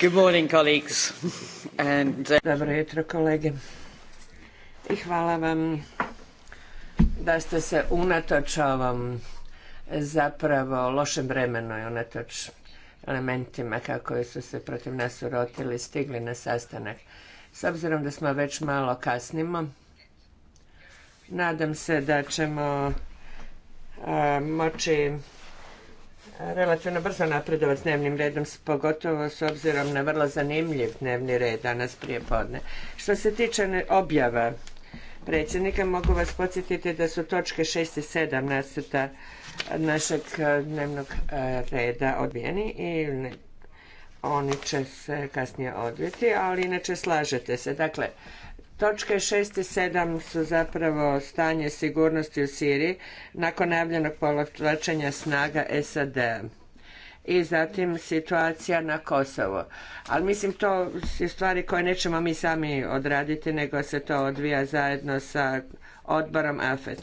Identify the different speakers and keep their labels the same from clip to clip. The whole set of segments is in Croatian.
Speaker 1: Good morning, colleagues. Uh, Dobro jutro kolege i hvala vam da ste se unatoč ovom zapravo lošem vremenu i unatoč elementima kako su se protiv nas urotili stigli na sastanak. S obzirom da smo već malo kasnimo, nadam se da ćemo moći relativno brzo napredovati s dnevnim redom, pogotovo s obzirom na vrlo zanimljiv dnevni red danas prije podne. Što se tiče objava predsjednika, mogu vas podsjetiti da su točke 6 i 7 nasrta našeg eh, dnevnog eh, reda odbijeni i oni će se kasnije odviti, ali inače slažete se. Dakle, Točke 6 i 7 su zapravo stanje sigurnosti u Siriji nakon najavljenog povlačenja snaga sad i zatim situacija na Kosovo. Ali mislim to su stvari koje nećemo mi sami odraditi nego se to odvija zajedno sa odborom AFET.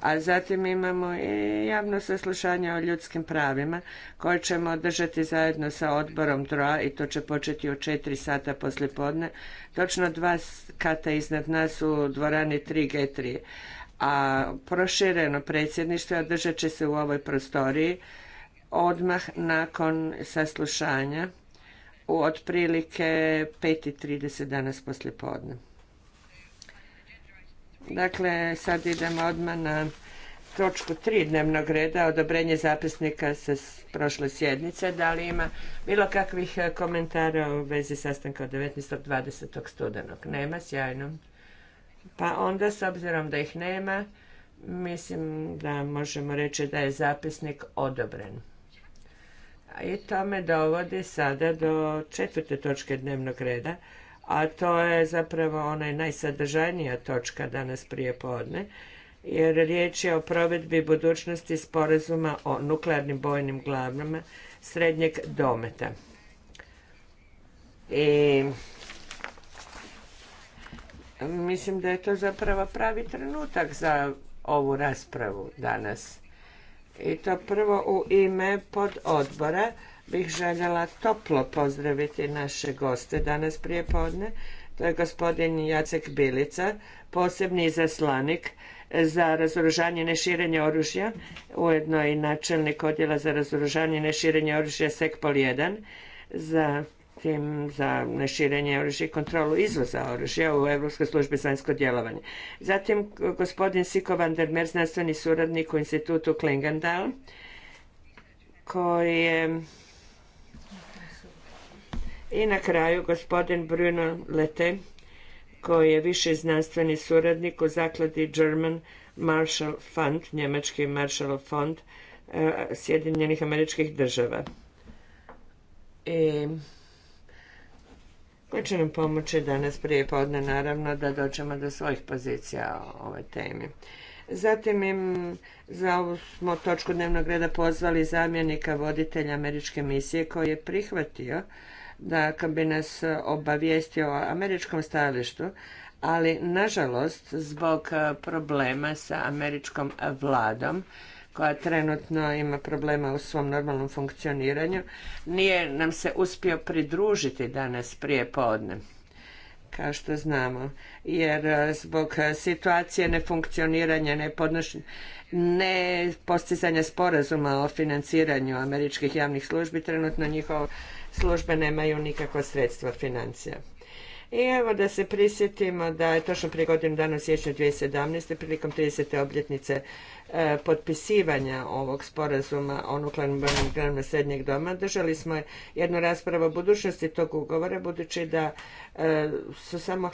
Speaker 1: A zatim imamo i javno saslušanje o ljudskim pravima koje ćemo održati zajedno sa odborom TROA i to će početi u 4 sata poslje podne. Točno dva kata iznad nas u dvorani 3G3. A prošireno predsjedništvo održat će se u ovoj prostoriji odmah nakon saslušanja u otprilike 5.30 danas poslje podne. Dakle, sad idemo odmah na točku tri dnevnog reda, odobrenje zapisnika sa prošle sjednice. Da li ima bilo kakvih e, komentara u vezi sastanka od 19. 20. studenog? Nema, sjajno. Pa onda, s obzirom da ih nema, mislim da možemo reći da je zapisnik odobren. I to me dovodi sada do četvrte točke dnevnog reda, a to je zapravo onaj najsadržajnija točka danas prije podne, jer riječ je o provedbi budućnosti sporazuma o nuklearnim bojnim glavnama srednjeg dometa. I mislim da je to zapravo pravi trenutak za ovu raspravu danas. I to prvo u ime pododbora bih željela toplo pozdraviti naše goste danas prije podne. To je gospodin Jacek Bilica, posebni izaslanik za razoružanje i neširenje oružja, ujedno i načelnik odjela za razoružanje i neširenje oružja SECPOL 1, tim za neširenje oružja i kontrolu izvoza oružja u Europskoj službi za vanjsko djelovanje. Zatim gospodin Siko van der Mer, znanstveni suradnik u institutu Klingendal, koji je i na kraju gospodin Bruno Lete, koji je viši znanstveni suradnik u zakladi German Marshall Fund, njemački Marshall Fond e, Sjedinjenih američkih država. I koji će nam pomoći danas prije podne, naravno, da dođemo do svojih pozicija o ovoj temi. Zatim im za ovu smo točku dnevnog reda pozvali zamjenika voditelja američke misije koji je prihvatio da bi nas obavijestio o američkom stajalištu, ali nažalost zbog e, problema sa američkom vladom koja trenutno ima problema u svom normalnom funkcioniranju, nije nam se uspio pridružiti danas prije podne kao što znamo, jer e, zbog e, situacije nefunkcioniranja, nepostizanja ne postizanja sporazuma o financiranju američkih javnih službi, trenutno njihov službe nemaju nikakva sredstva financija. I evo da se prisjetimo da je točno prije godinu dana u siječnju 2017. prilikom 30. obljetnice e, potpisivanja ovog sporazuma o nuklearnom na srednjeg doma držali smo jednu raspravu o budućnosti tog ugovora budući da e, su samo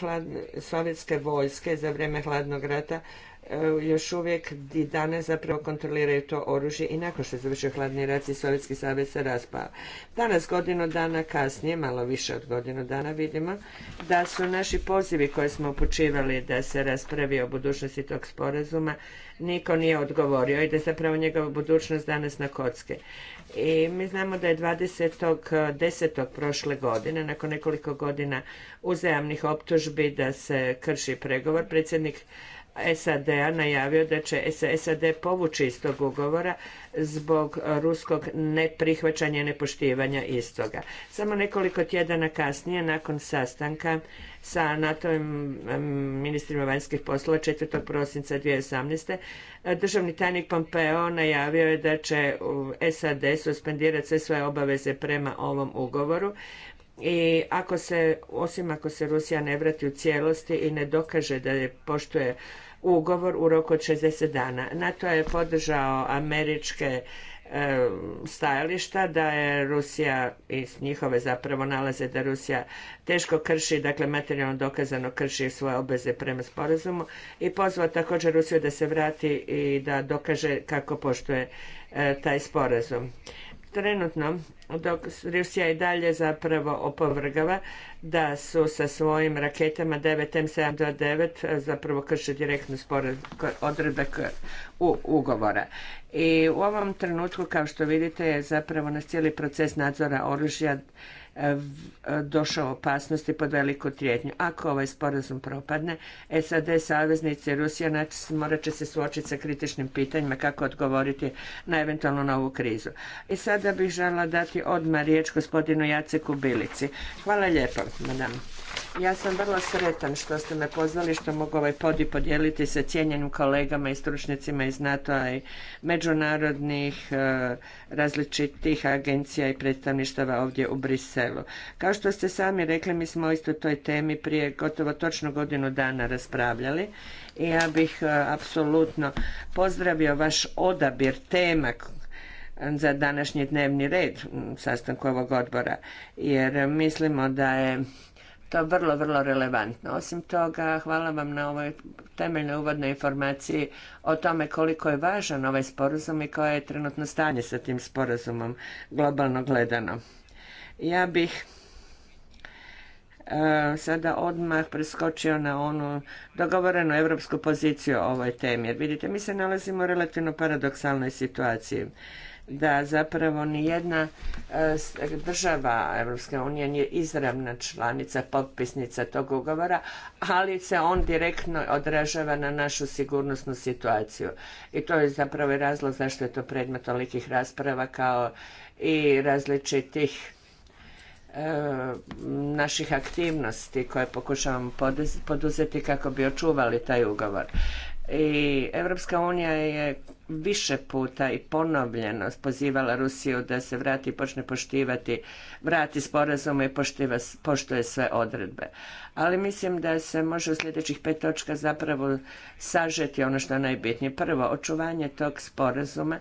Speaker 1: sovjetske vojske za vrijeme hladnog rata E, još uvijek i danas zapravo kontroliraju to oružje i nakon što je završio hladni rat i Sovjetski savez se raspao. Danas, godinu dana kasnije, malo više od godinu dana vidimo, da su naši pozivi koje smo upućivali da se raspravi o budućnosti tog sporazuma, niko nije odgovorio i da je zapravo njegova budućnost danas na kocke. I mi znamo da je 20.10. prošle godine, nakon nekoliko godina uzajamnih optužbi da se krši pregovor, predsjednik SAD-a najavio da će se SAD povući iz tog ugovora zbog ruskog neprihvaćanja i nepoštivanja istoga. Samo nekoliko tjedana kasnije, nakon sastanka sa nato ministrima vanjskih poslova 4. prosinca 2018. državni tajnik Pompeo najavio je da će SAD suspendirati sve svoje obaveze prema ovom ugovoru i ako se, osim ako se Rusija ne vrati u cijelosti i ne dokaže da je poštuje ugovor u roku od 60 dana. NATO je podržao američke e, stajališta da je Rusija i njihove zapravo nalaze da Rusija teško krši, dakle materijalno dokazano krši svoje obveze prema sporazumu i pozvao također Rusiju da se vrati i da dokaže kako poštuje e, taj sporazum. Trenutno, dok Rusija i dalje zapravo opovrgava da su sa svojim raketama 9M729 eh, zapravo krše direktno spore odredbe u ugovora. I u ovom trenutku, kao što vidite, je zapravo nas cijeli proces nadzora oružja došao opasnosti pod veliku trijetnju. Ako ovaj sporazum propadne, SAD saveznici i Rusija morat će se suočiti sa kritičnim pitanjima kako odgovoriti na eventualno novu krizu. I sada bih žela dati odmah riječ gospodinu Jaceku Bilici. Hvala lijepo, madame. Ja sam vrlo sretan što ste me pozvali, što mogu ovaj podij podijeliti sa cijenjenim kolegama i stručnjacima iz NATO-a i međunarodnih e, različitih agencija i predstavništava ovdje u Briselu. Kao što ste sami rekli, mi smo o istoj toj temi prije gotovo točno godinu dana raspravljali i ja bih e, apsolutno pozdravio vaš odabir tema za današnji dnevni red sastanku ovog odbora, jer mislimo da je to vrlo, vrlo relevantno. Osim toga, hvala vam na ovoj temeljnoj uvodnoj informaciji o tome koliko je važan ovaj sporazum i koje je trenutno stanje sa tim sporazumom globalno gledano. Ja bih e, sada odmah preskočio na onu dogovorenu europsku poziciju o ovoj temi. Jer vidite, mi se nalazimo u relativno paradoksalnoj situaciji da zapravo ni jedna e, država Europske unije nije izravna članica, potpisnica tog ugovora, ali se on direktno odražava na našu sigurnosnu situaciju. I to je zapravo i razlog zašto je to predmet tolikih rasprava kao i različitih e, naših aktivnosti koje pokušavamo poduzeti kako bi očuvali taj ugovor. I Evropska unija je više puta i ponovljeno pozivala Rusiju da se vrati i počne poštivati, vrati sporazume i poštiva, poštuje sve odredbe. Ali mislim da se može u sljedećih pet točka zapravo sažeti ono što je najbitnije. Prvo, očuvanje tog sporazuma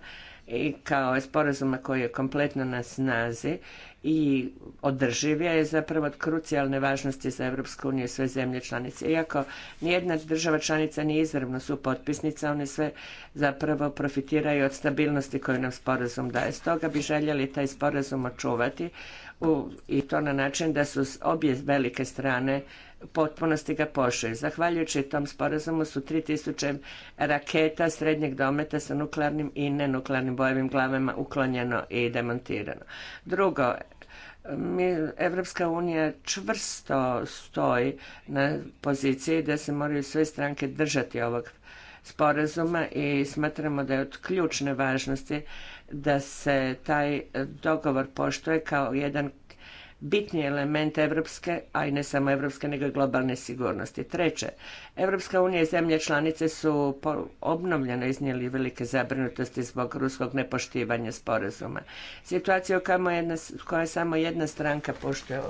Speaker 1: i kao sporazuma koji je kompletno na snazi i održivija je zapravo od krucijalne važnosti za Europsku uniju i sve zemlje članice. Iako nijedna država članica nije izravno su potpisnica, one sve zapravo profitiraju od stabilnosti koju nam sporazum daje. Stoga bi željeli taj sporazum očuvati i to na način da su obje velike strane potpunosti ga poštuje. Zahvaljujući tom sporazumu su 3000 raketa srednjeg dometa sa nuklearnim i nenuklearnim bojevim glavama uklonjeno i demontirano. Drugo, Evropska unija čvrsto stoji na poziciji da se moraju sve stranke držati ovog sporazuma i smatramo da je od ključne važnosti da se taj dogovor poštuje kao jedan bitni element evropske, a i ne samo evropske, nego i globalne sigurnosti. Treće, Evropska unija i zemlje članice su obnovljeno iznijeli velike zabrinutosti zbog ruskog nepoštivanja sporazuma. Situacija u kojoj koja samo jedna stranka poštuje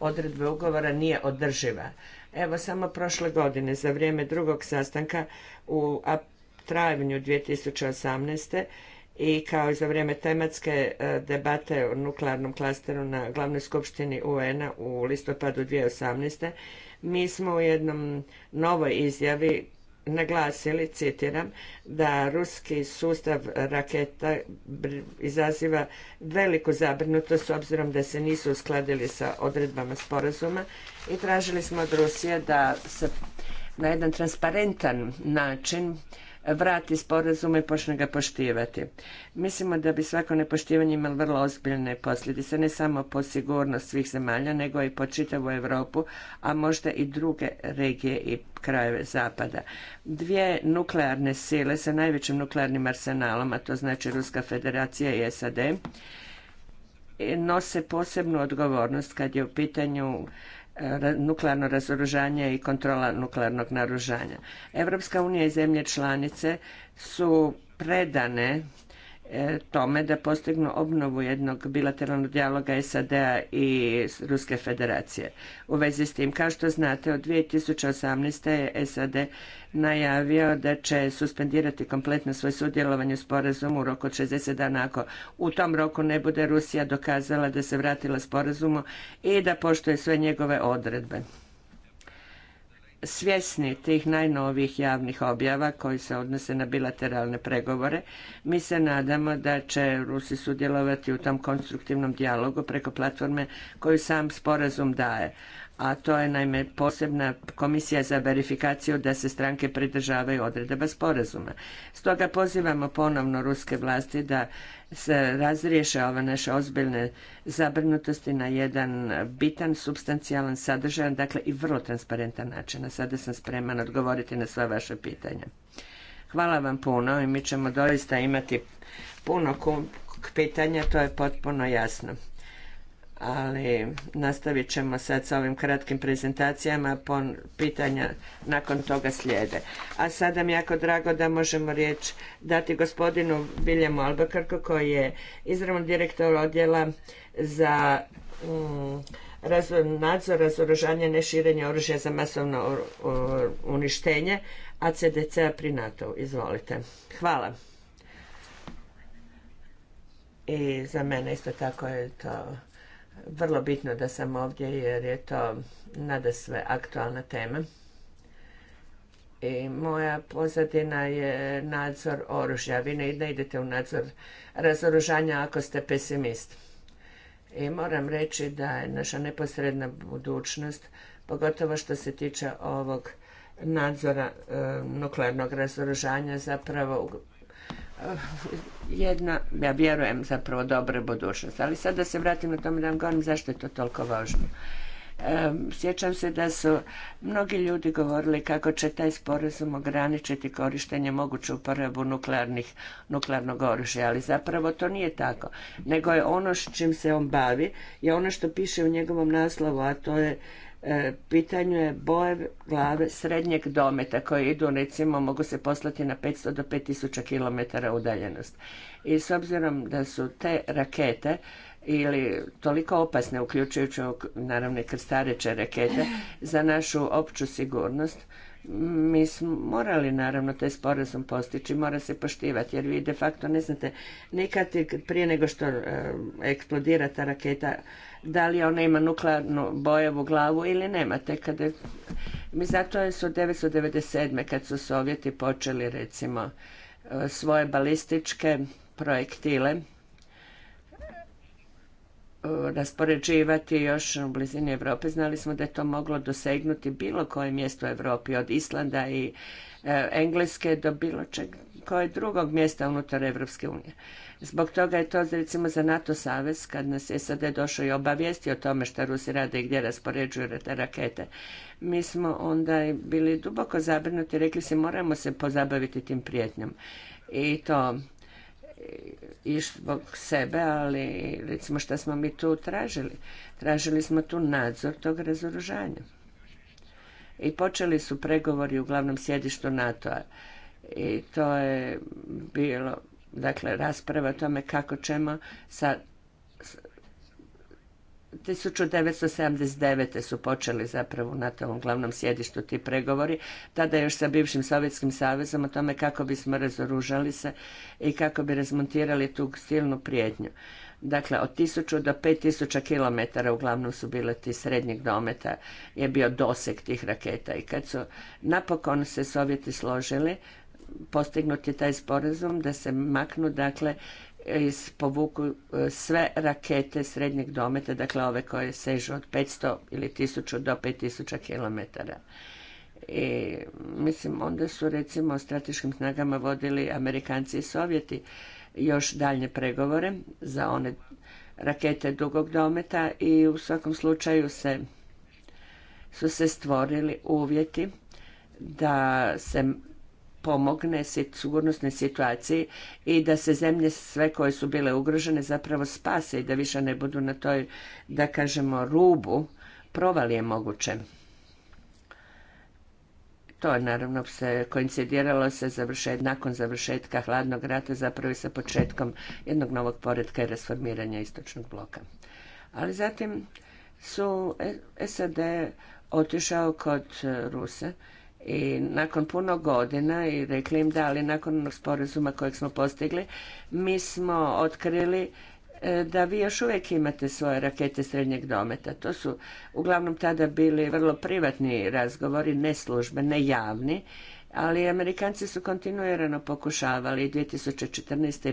Speaker 1: odredbe ugovora nije održiva. Evo, samo prošle godine, za vrijeme drugog sastanka u travnju 2018 i kao i za vrijeme tematske e, debate o nuklearnom klasteru na glavnoj skupštini UN-a u listopadu 2018. mi smo u jednom novoj izjavi naglasili, citiram, da ruski sustav raketa izaziva veliku zabrinutost s obzirom da se nisu uskladili sa odredbama sporazuma i tražili smo od Rusije da se na jedan transparentan način vrati sporazum i počne ga poštivati. Mislimo da bi svako nepoštivanje imalo vrlo ozbiljne posljedice, ne samo po sigurnost svih zemalja, nego i po čitavu Europu, a možda i druge regije i krajeve zapada. Dvije nuklearne sile sa najvećim nuklearnim arsenalom, a to znači Ruska federacija i SAD, nose posebnu odgovornost kad je u pitanju nuklearno razoružanje i kontrola nuklearnog naružanja. Europska unija i zemlje članice su predane E, tome da postignu obnovu jednog bilateralnog dijaloga SAD-a i Ruske federacije. U vezi s tim, kao što znate, od 2018. je SAD najavio da će suspendirati kompletno svoje sudjelovanje u sporazumu u roku od 60 dana ako u tom roku ne bude Rusija dokazala da se vratila sporazumu i da poštuje sve njegove odredbe svjesni tih najnovijih javnih objava koji se odnose na bilateralne pregovore, mi se nadamo da će Rusi sudjelovati u tom konstruktivnom dijalogu preko platforme koju sam sporazum daje a to je naime posebna komisija za verifikaciju da se stranke pridržavaju odredaba sporazuma. Stoga pozivamo ponovno ruske vlasti da se razriješe ove naše ozbiljne zabrinutosti na jedan bitan, substancijalan, sadržaj dakle i vrlo transparentan način. A sada sam spreman odgovoriti na sva vaša pitanja. Hvala vam puno i mi ćemo doista imati puno pitanja, to je potpuno jasno ali nastavit ćemo sad sa ovim kratkim prezentacijama, po pitanja nakon toga slijede. A sada mi jako drago da možemo riječ dati gospodinu Biljemu Albakarku koji je izravno direktor odjela za mm, razvoj, nadzor, razoružanje, neširenje oružja za masovno uništenje ACDC-a pri NATO. Izvolite. Hvala. I za mene isto tako je to vrlo bitno da sam ovdje jer je to nada sve aktualna tema. I moja pozadina je nadzor oružja. Vi ne, idete u nadzor razoružanja ako ste pesimist. I moram reći da je naša neposredna budućnost, pogotovo što se tiče ovog nadzora e, nuklearnog razoružanja, zapravo Eh, jedna, ja vjerujem, zapravo dobra budućnost. Ali sad da se vratim na tome da vam govorim zašto je to toliko važno. sjećam se da su mnogi ljudi govorili kako će taj sporazum ograničiti korištenje moguću uporabu nuklearnih, nuklearnog oružja, ali zapravo to nije tako. Nego je ono s čim se on bavi, je ono što piše u njegovom naslovu, a to je E, pitanju je boje glave srednjeg dometa koje idu recimo mogu se poslati na 500 do 5000 km udaljenost. I s obzirom da su te rakete ili toliko opasne uključujući naravno i krstareće rakete za našu opću sigurnost mi smo morali naravno taj sporazum postići, mora se poštivati jer vi de facto ne znate nikad prije nego što e, eksplodira ta raketa da li ona ima nuklearnu bojevu glavu ili nemate. Kada, mi zato su 1997. kad su Sovjeti počeli recimo e, svoje balističke projektile raspoređivati još u blizini Europe. Znali smo da je to moglo dosegnuti bilo koje mjesto u Europi, od Islanda i e, Engleske do bilo čeg koje drugog mjesta unutar europske unije. Zbog toga je to recimo za NATO savez, kad nas je SAD došao i obavijesti o tome što Rusi rade i gdje raspoređuju te rakete. Mi smo onda bili duboko zabrinuti, rekli se moramo se pozabaviti tim prijetnjom. I to i zbog sebe, ali recimo šta smo mi tu tražili? Tražili smo tu nadzor tog razoružanja. I počeli su pregovori u glavnom sjedištu NATO-a. I to je bilo, dakle, rasprava o tome kako ćemo sa 1979. su počeli zapravo na tom glavnom sjedištu ti pregovori, tada još sa bivšim Sovjetskim savezom o tome kako bismo razoružali se i kako bi razmontirali tu silnu prijetnju. Dakle, od 1000 do 5000 km uglavnom su bile ti srednjeg dometa, je bio doseg tih raketa. I kad su napokon se Sovjeti složili, postignuti taj sporazum da se maknu, dakle, povuku e, sve rakete srednjeg dometa, dakle ove koje sežu od 500 ili 1000 do 5000 km. I, mislim, onda su recimo o strateškim snagama vodili Amerikanci i Sovjeti još daljnje pregovore za one rakete dugog dometa i u svakom slučaju se, su se stvorili uvjeti da se pomogne sigurnosnoj situaciji i da se zemlje sve koje su bile ugrožene zapravo spase i da više ne budu na toj, da kažemo, rubu je moguće. To je naravno se koincidiralo se završet, nakon završetka hladnog rata, zapravo i sa početkom jednog novog poredka i rasformiranja istočnog bloka. Ali zatim su e-, SAD otišao kod e, Rusa i nakon puno godina i rekli im da, ali nakon onog sporazuma kojeg smo postigli, mi smo otkrili e, da vi još uvijek imate svoje rakete srednjeg dometa. To su uglavnom tada bili vrlo privatni razgovori, ne službe, ne javni, ali Amerikanci su kontinuirano pokušavali 2014. i 15.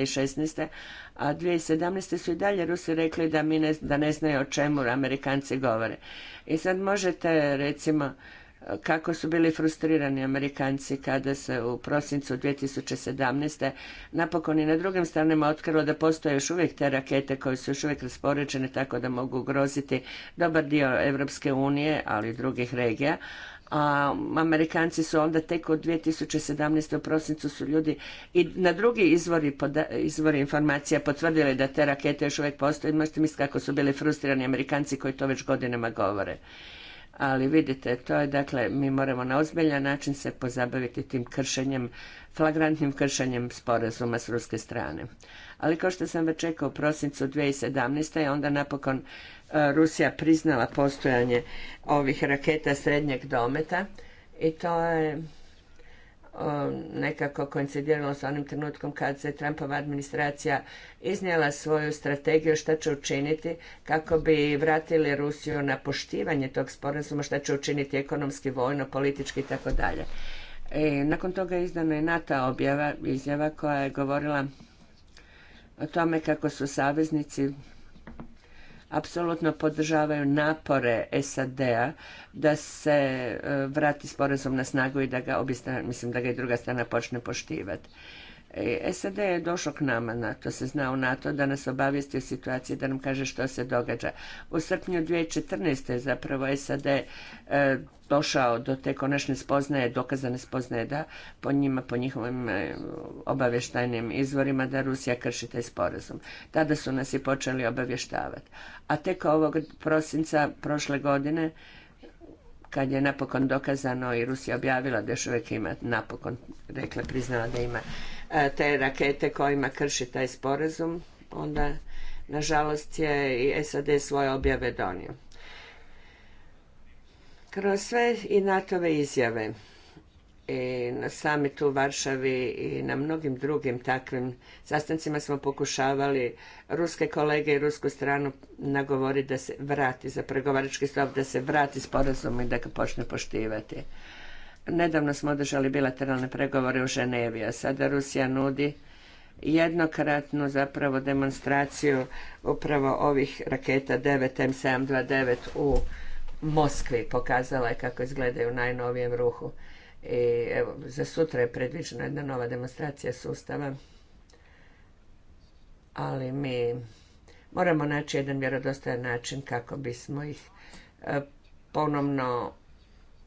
Speaker 1: i 16. a 2017. su i dalje Rusi rekli da, mi ne, da ne znaju o čemu Amerikanci govore. I sad možete recimo kako su bili frustrirani Amerikanci kada se u prosincu 2017. napokon i na drugim stranima otkrilo da postoje još uvijek te rakete koje su još uvijek raspoređene tako da mogu ugroziti dobar dio Europske unije, ali i drugih regija. A Amerikanci su onda tek od 2017. u prosincu su ljudi i na drugi izvori, izvori informacija potvrdili da te rakete još uvijek postoje. Možete misliti kako su bili frustrirani Amerikanci koji to već godinama govore ali vidite, to je dakle, mi moramo na ozbiljan način se pozabaviti tim kršenjem, flagrantnim kršenjem sporazuma s ruske strane. Ali kao što sam već čekao u prosincu 2017. je onda napokon e, Rusija priznala postojanje ovih raketa srednjeg dometa i to je nekako koincidiralo sa onim trenutkom kad se Trumpova administracija iznijela svoju strategiju šta će učiniti kako bi vratili Rusiju na poštivanje tog sporazuma, šta će učiniti ekonomski, vojno, politički i tako dalje. E, nakon toga je izdana i NATO objava, izjava koja je govorila o tome kako su saveznici apsolutno podržavaju napore SAD-a da se e, vrati sporazum na snagu i da ga mislim da ga i druga strana počne poštivati. E, SAD je došao k nama, to se zna u NATO, da nas obavijesti o situaciji, da nam kaže što se događa. U srpnju 2014. je zapravo SAD e, došao do te konačne spoznaje, dokazane spoznaje da po njima, po njihovim e, obavještajnim izvorima da Rusija krši taj sporazum. Tada su nas i počeli obavještavati. A tek ovog prosinca prošle godine kad je napokon dokazano i Rusija objavila da još uvijek ima napokon, rekla, priznala da ima E, te rakete kojima krši taj sporazum, onda nažalost je i SAD svoje objave donio. Kroz sve i NATO-ve izjave i na samitu u Varšavi i na mnogim drugim takvim sastancima smo pokušavali ruske kolege i rusku stranu nagovoriti da se vrati za pregovarački stop, da se vrati sporazum i da ga počne poštivati. Nedavno smo održali bilateralne pregovore u Ženevi, a sada Rusija nudi jednokratnu zapravo demonstraciju upravo ovih raketa 9 M729 u Moskvi. Pokazala je kako izgledaju u najnovijem ruhu. I evo, za sutra je predviđena jedna nova demonstracija sustava. Ali mi moramo naći jedan vjerodostojan način kako bismo ih e, ponovno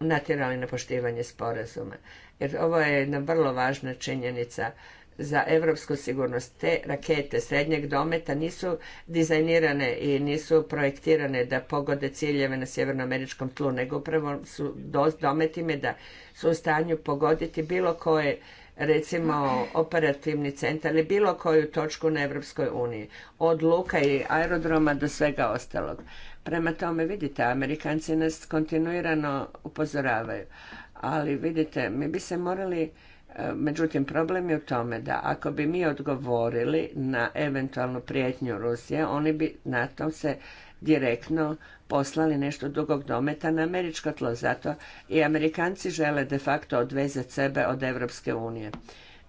Speaker 1: natjerali na poštivanje sporazuma. Jer ovo je jedna vrlo važna činjenica za evropsku sigurnost. Te rakete srednjeg dometa nisu dizajnirane i nisu projektirane da pogode ciljeve na sjevernoameričkom tlu, nego upravo su dometime da su u stanju pogoditi bilo koje recimo operativni centar ili bilo koju točku na Evropskoj uniji. Od luka i aerodroma do svega ostalog. Prema tome, vidite, Amerikanci nas kontinuirano upozoravaju. Ali vidite, mi bi se morali e, Međutim, problem je u tome da ako bi mi odgovorili na eventualnu prijetnju Rusije, oni bi na to se direktno poslali nešto dugog dometa na američko tlo. Zato i Amerikanci žele de facto odvezati sebe od Evropske unije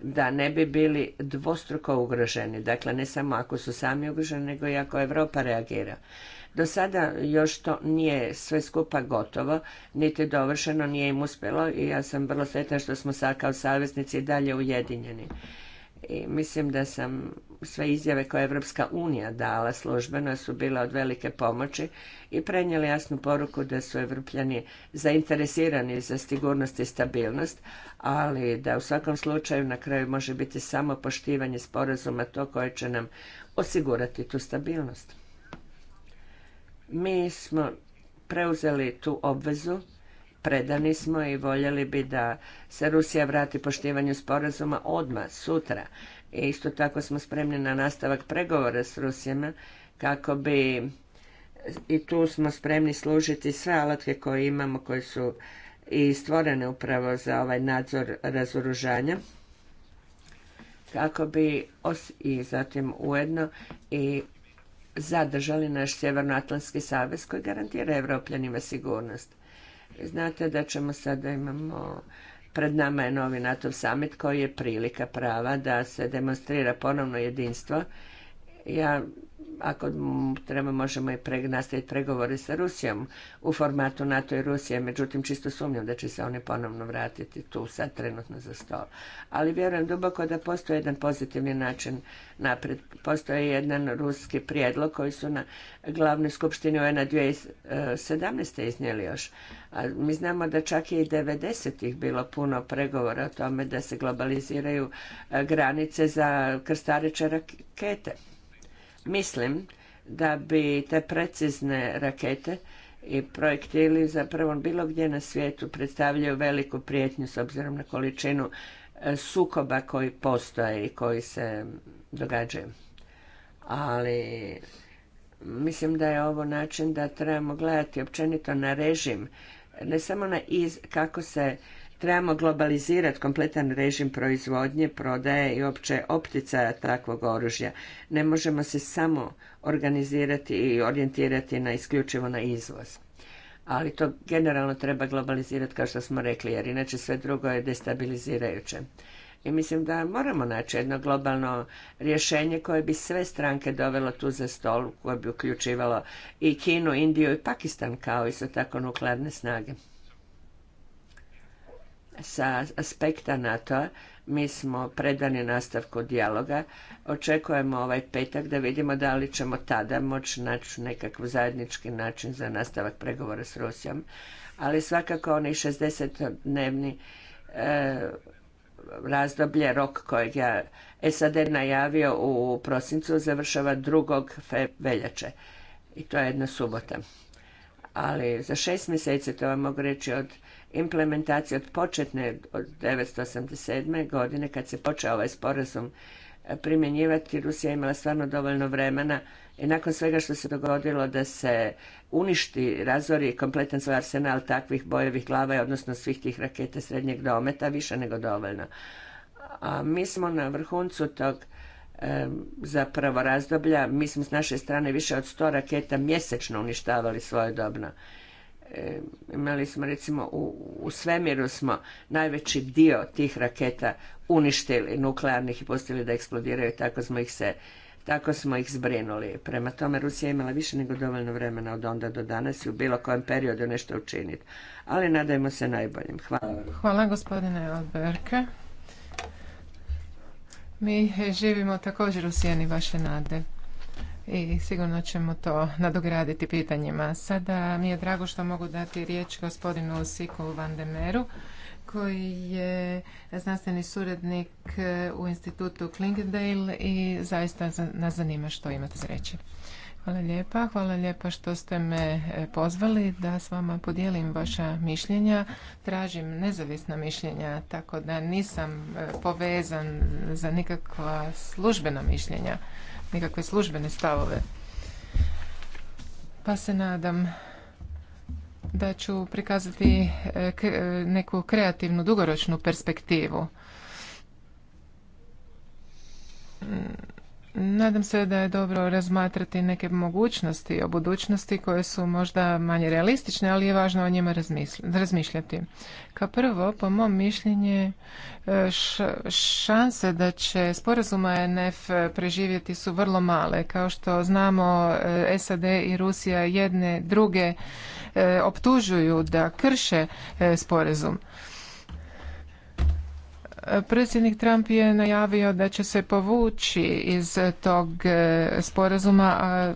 Speaker 1: da ne bi bili dvostruko ugroženi. Dakle, ne samo ako su sami ugroženi, nego i ako Europa reagira. Do sada još to nije sve skupa gotovo, niti dovršeno, nije im uspjelo i ja sam vrlo sretna što smo sad kao saveznici i dalje ujedinjeni. I mislim da sam sve izjave koje je Evropska unija dala službeno su bile od velike pomoći i prenijeli jasnu poruku da su Evropljani zainteresirani za sigurnost i stabilnost, ali da u svakom slučaju na kraju može biti samo poštivanje sporazuma to koje će nam osigurati tu stabilnost. Mi smo preuzeli tu obvezu predani smo i voljeli bi da se Rusija vrati poštivanju sporazuma odmah, sutra. E, isto tako smo spremni na nastavak pregovora s Rusijama kako bi i tu smo spremni služiti sve alatke koje imamo koje su i stvorene upravo za ovaj nadzor razoružanja kako bi os i zatim ujedno i zadržali naš Sjevernoatlantski savez koji garantira Evropljanima sigurnost. Znate da ćemo sada imamo Pred nama je novi NATO summit koji je prilika prava da se demonstrira ponovno jedinstvo. Ja ako treba možemo i pre, nastaviti pregovore sa Rusijom u formatu NATO i Rusije, međutim čisto sumnjam da će se oni ponovno vratiti tu sad trenutno za stol. Ali vjerujem duboko da postoji jedan pozitivni način napred. Postoji jedan ruski prijedlog koji su na glavnoj skupštini u tisuće 2017. iznijeli još. A mi znamo da čak je i 90-ih bilo puno pregovora o tome da se globaliziraju e, granice za krstareće rakete. Mislim da bi te precizne rakete i projektili zapravo bilo gdje na svijetu predstavljaju veliku prijetnju s obzirom na količinu e, sukoba koji postoje i koji se događaju. Ali mislim da je ovo način da trebamo gledati općenito na režim, ne samo na iz, kako se trebamo globalizirati kompletan režim proizvodnje, prodaje i opće opticaja takvog oružja. Ne možemo se samo organizirati i orijentirati na isključivo na izvoz. Ali to generalno treba globalizirati kao što smo rekli, jer inače sve drugo je destabilizirajuće. I mislim da moramo naći jedno globalno rješenje koje bi sve stranke dovelo tu za stol, koje bi uključivalo i Kinu, Indiju i Pakistan kao isto tako nuklearne snage sa aspekta NATO-a mi smo predani nastavku dijaloga. Očekujemo ovaj petak da vidimo da li ćemo tada moći naći nekakav zajednički način za nastavak pregovora s Rusijom. Ali svakako oni 60-dnevni e, razdoblje, rok kojeg je SAD najavio u prosincu, završava 2. veljače. I to je jedna subota. Ali za šest mjeseci, to vam mogu reći od implementacije od početne, od 1987. godine kad se počeo ovaj sporazum e, primjenjivati, Rusija je imala stvarno dovoljno vremena i nakon svega što se dogodilo da se uništi, razori kompletan svoj arsenal takvih bojevih glava, odnosno svih tih raketa srednjeg dometa, više nego dovoljno. A mi smo na vrhuncu tog e, zapravo razdoblja, mi smo s naše strane više od 100 raketa mjesečno uništavali svoje dobno E, imali smo recimo u, svemiru smo najveći dio tih raketa uništili nuklearnih i pustili da eksplodiraju tako smo ih se tako smo ih zbrinuli. Prema tome, Rusija imala više nego dovoljno vremena od onda do danas i u bilo kojem periodu nešto učiniti. Ali nadajmo se najboljim.
Speaker 2: Hvala. Hvala gospodine Alberke. Mi živimo također u sjeni vaše nade i sigurno ćemo to nadograditi pitanjima. Sada mi je drago što mogu dati riječ gospodinu Siku Vandemeru koji je znanstveni suradnik eh, u institutu Klingendale i zaista nas zanima što imate za reći. Hvala lijepa. Hvala lijepa što ste me eh, pozvali da s vama podijelim vaša mišljenja. Tražim nezavisna mišljenja, tako da nisam eh, povezan za nikakva službena mišljenja nikakve službene stavove. Pa se nadam da ću prikazati e, e, neku kreativnu dugoročnu perspektivu Nadam se da je dobro razmatrati neke mogućnosti o budućnosti koje su možda manje realistične, ali je važno o njima razmišljati. Kao prvo, po mom mišljenju, e, šanse da će sporazuma NF preživjeti su vrlo male. Kao što znamo, e, SAD i Rusija jedne druge e, optužuju da krše sporazum. Predsjednik Trump je najavio da će se povući iz tog e, sporazuma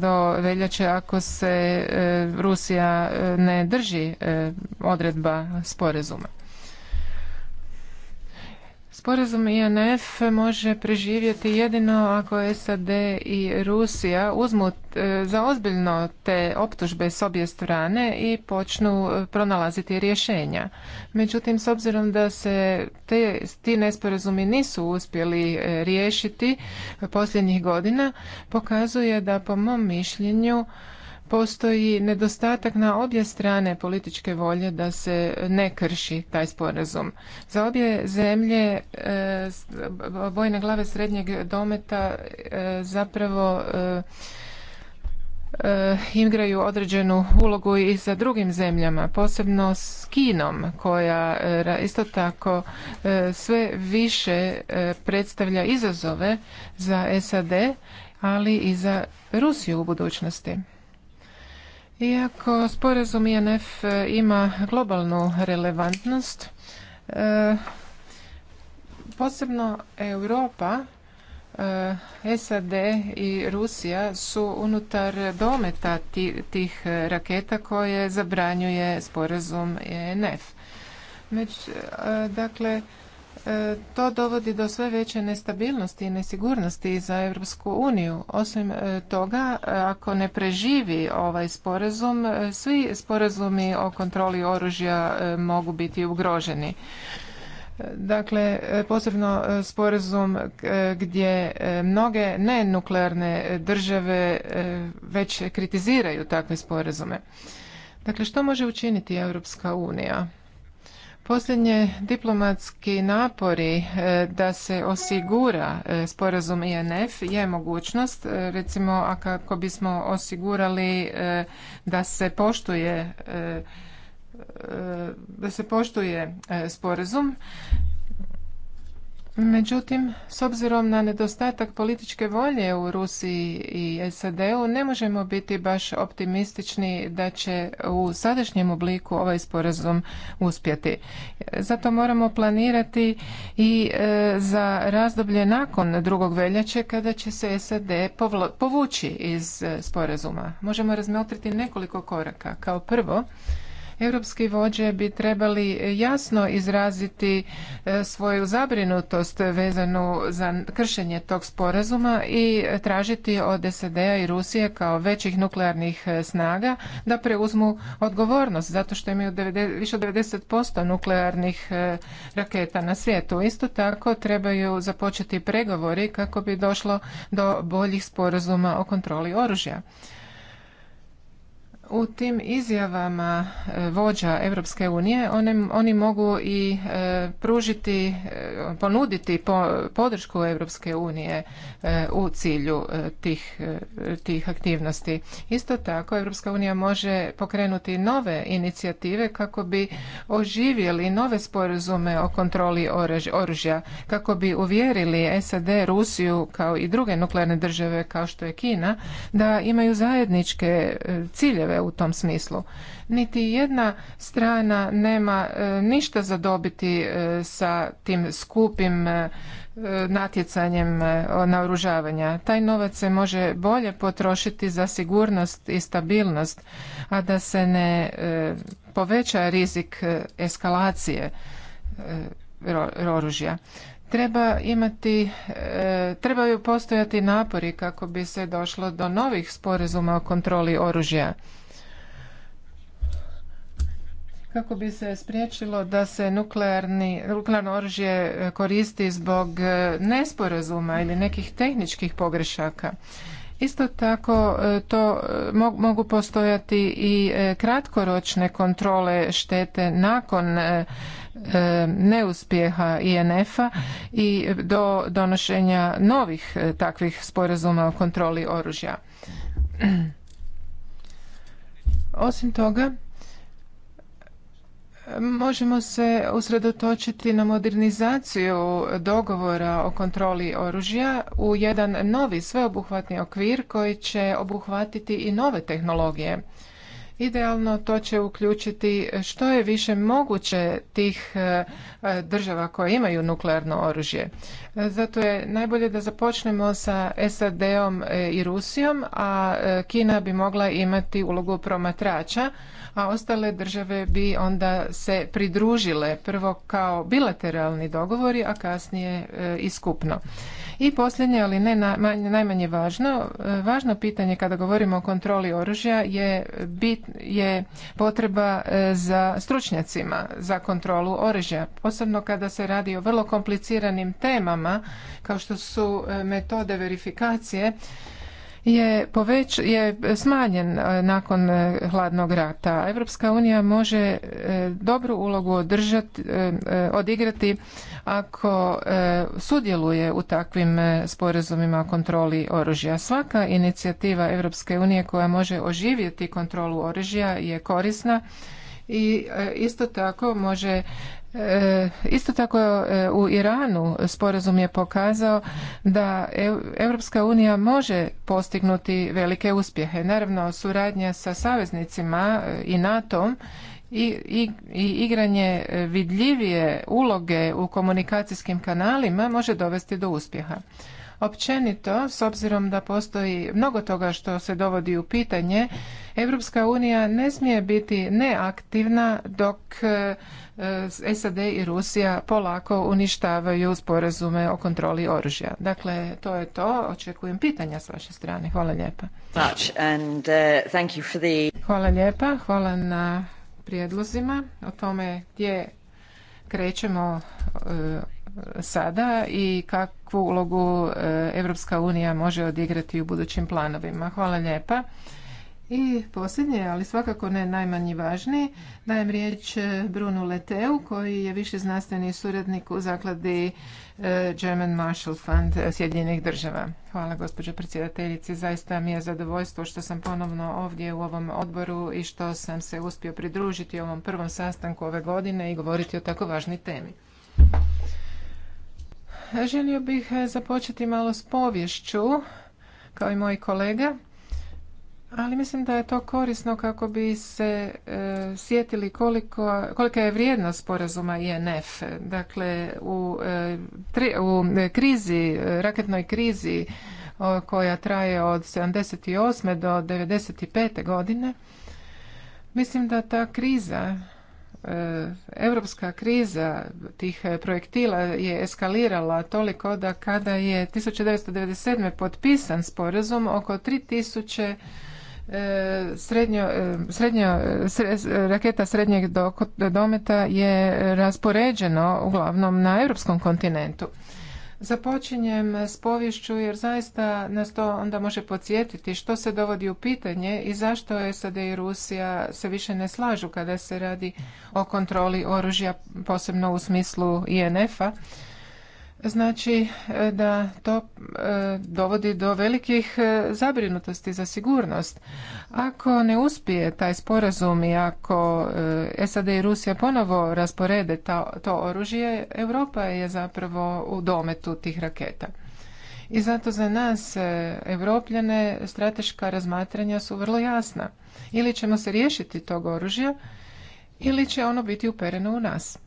Speaker 2: do veljače ako se e, Rusija e, ne drži odredba sporazuma. Sporazum INF može preživjeti jedino ako SAD i Rusija uzmu e, zaozbiljno te optužbe s obje strane i počnu e, pronalaziti rješenja. Međutim, s obzirom da se te, ti nesporazumi nisu uspjeli e, riješiti posljednjih godina, pokazuje da po mom mišljenju postoji nedostatak na obje strane političke volje da se ne krši taj sporazum. Za obje zemlje vojne e, glave srednjeg dometa e, zapravo e, igraju određenu ulogu i sa drugim zemljama, posebno s Kinom koja isto tako sve više predstavlja izazove za SAD, ali i za Rusiju u budućnosti. Iako sporazum INF e, ima globalnu relevantnost, e, posebno Europa, e, SAD i Rusija su unutar dometa tih raketa koje zabranjuje sporazum INF. dakle, E, to dovodi do sve veće nestabilnosti i nesigurnosti za Europsku uniju. Osim e, toga, e, ako ne preživi ovaj sporazum, svi sporazumi o kontroli oružja mogu biti ugroženi. Dakle, posebno sporazum gdje mnoge nenuklearne države već kritiziraju takve sporazume. Dakle, što može učiniti Europska unija? Posljednje diplomatski napori e, da se osigura e, sporazum INF je mogućnost, e, recimo a kako bismo osigurali da se poštuje da se poštuje sporazum Međutim, s obzirom na nedostatak političke volje u Rusiji i SAD-u, ne možemo biti baš optimistični da će u sadašnjem obliku ovaj sporazum uspjeti. Zato moramo planirati i e, za razdoblje nakon drugog veljače kada će se SAD povući iz e, sporazuma. Možemo razmotriti nekoliko koraka. Kao prvo, Europski vođe bi trebali jasno izraziti e, svoju zabrinutost vezanu za kršenje tog sporazuma i tražiti od SAD-a i Rusije kao većih nuklearnih e, snaga da preuzmu odgovornost zato što imaju više od 90% nuklearnih e, raketa na svijetu. Isto tako trebaju započeti pregovori kako bi došlo do boljih sporazuma o kontroli oružja u tim izjavama e, vođa Europske unije oni mogu i e, pružiti, e, ponuditi podršku Europske unije u cilju tih, tih aktivnosti. Isto tako Europska unija može pokrenuti nove inicijative kako bi oživjeli nove sporazume o kontroli oružja, kako bi uvjerili SAD, Rusiju kao i druge nuklearne države kao što je Kina da imaju zajedničke ciljeve u tom smislu. Niti jedna strana nema e, ništa za dobiti e, sa tim skupim e, natjecanjem naoružavanja. Taj novac se može bolje potrošiti za sigurnost i stabilnost, a da se ne poveća rizik eskalacije oružja. Treba imati, trebaju postojati napori kako bi se došlo do novih sporazuma o kontroli oružja kako bi se spriječilo da se nuklearni, nuklearno oružje e, koristi zbog e, nesporazuma ili nekih tehničkih pogrešaka. Isto tako e, to mogu postojati i kratkoročne kontrole štete nakon neuspjeha INF-a i do donošenja novih takvih sporazuma o kontroli oružja. Osim toga, Možemo se usredotočiti na modernizaciju dogovora o kontroli oružja u jedan novi sveobuhvatni okvir koji će obuhvatiti i nove tehnologije. Idealno to će uključiti što je više moguće tih e, država koje imaju nuklearno oružje. Zato je najbolje da započnemo sa SAD-om e, i Rusijom, a e, Kina bi mogla imati ulogu promatrača, a ostale države bi onda se pridružile prvo kao bilateralni dogovori, a kasnije i skupno. I posljednje, ali ne najmanje važno, važno pitanje kada govorimo o kontroli oružja je bitno je potreba e, za stručnjacima za kontrolu oružja, posebno kada se radi o vrlo kompliciranim temama kao što su e, metode verifikacije je poveć je smanjen e, nakon hladnog rata. Europska unija može dobru ulogu održati, odigrati ako e, sudjeluje u takvim e, sporazumima o kontroli oružja. Svaka inicijativa Europske unije koja može oživjeti kontrolu oružja je korisna i e, isto tako može Isto tako u Iranu sporazum je pokazao da Europska unija može postignuti velike uspjehe. Naravno, suradnja sa saveznicima i NATO-om i, i, igranje e, vidljivije uloge u komunikacijskim kanalima može dovesti do uspjeha općenito s obzirom da postoji mnogo toga što se dovodi u pitanje Europska unija ne smije biti neaktivna dok e, e, SAD i Rusija polako uništavaju sporazume o kontroli oružja. Dakle, to je to. Očekujem pitanja s vaše strane. Hvala lijepa. Uh, Hvala lijepa. Hvala na prijedlozima o tome gdje krećemo e, sada i kakvu ulogu Europska unija može odigrati u budućim planovima. Hvala lijepa. I posljednje, ali svakako ne najmanji važniji, dajem riječ eh, Brunu Leteu koji je više znanstveni suradnik u zakladi eh, German Marshall Fund eh, Sjedinjenih država. Hvala gospođo predsjedateljice. zaista mi je zadovoljstvo što sam ponovno ovdje u ovom odboru i što sam se uspio pridružiti ovom prvom sastanku ove godine i govoriti o tako važnoj temi. Želio bih započeti malo s povješću kao i moji kolega ali mislim da je to korisno kako bi se e, sjetili koliko, kolika je vrijednost sporazuma INF. Dakle, u, e, u e, krizi, raketnoj krizi koja traje od 78. do 95. godine, mislim da ta kriza Europska kriza tih projektila je eskalirala toliko da kada je 1997. potpisan sporazum oko 3000 E, srednjo, e, srednja, raketa srednjeg dometa je raspoređeno uglavnom na europskom kontinentu. Započinjem s povješću jer zaista nas to onda može podsjetiti što se dovodi u pitanje i zašto SAD i Rusija se više ne slažu kada se radi o kontroli oružja, posebno u smislu INF-a znači e, da to e, dovodi do velikih e, zabrinutosti za sigurnost. Ako ne uspije taj sporazum i ako SAD i Rusija ponovo rasporede to oružje, Europa je zapravo u dometu tih raketa. I zato za nas, Evropljane, strateška razmatranja su vrlo jasna. Ili ćemo se riješiti tog oružja, ili će ono biti upereno u nas.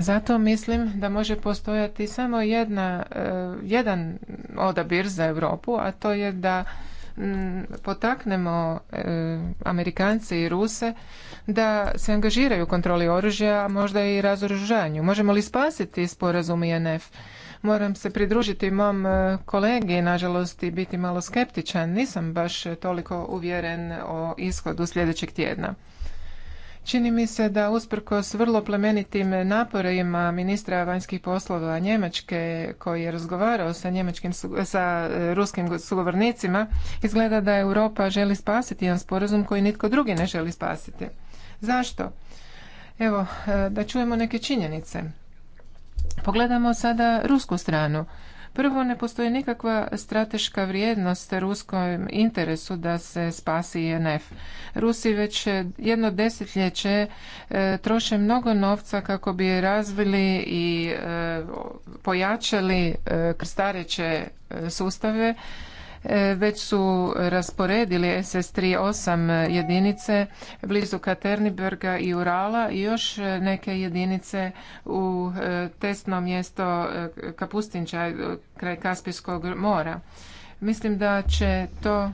Speaker 2: Zato mislim da može postojati samo jedna, e, jedan odabir za Europu, a to je da potaknemo e, Amerikance i Ruse da se angažiraju u kontroli oružja, a možda i razoružanju. Možemo li spasiti sporazum INF? Moram se pridružiti mom e, kolegi, nažalost, i biti malo skeptičan. Nisam baš toliko uvjeren o ishodu sljedećeg tjedna. Čini mi se da usprkos vrlo plemenitim naporima ministra vanjskih poslova Njemačke koji je razgovarao sa, njemačkim, sa e, ruskim sugovornicima, izgleda da Europa želi spasiti jedan sporazum koji nitko drugi ne želi spasiti. Zašto? Evo, e, da čujemo neke činjenice. Pogledamo sada rusku stranu. Prvo, ne postoji nikakva strateška vrijednost ruskom interesu da se spasi INF. Rusi već jedno desetljeće e, troše mnogo novca kako bi razvili i e, pojačali e, krstareće sustave E, već su rasporedili SS38 jedinice blizu Katerniberga i Urala i još neke jedinice u e, tesno mjesto e, Kapustinča kraj Kaspijskog mora. Mislim da će to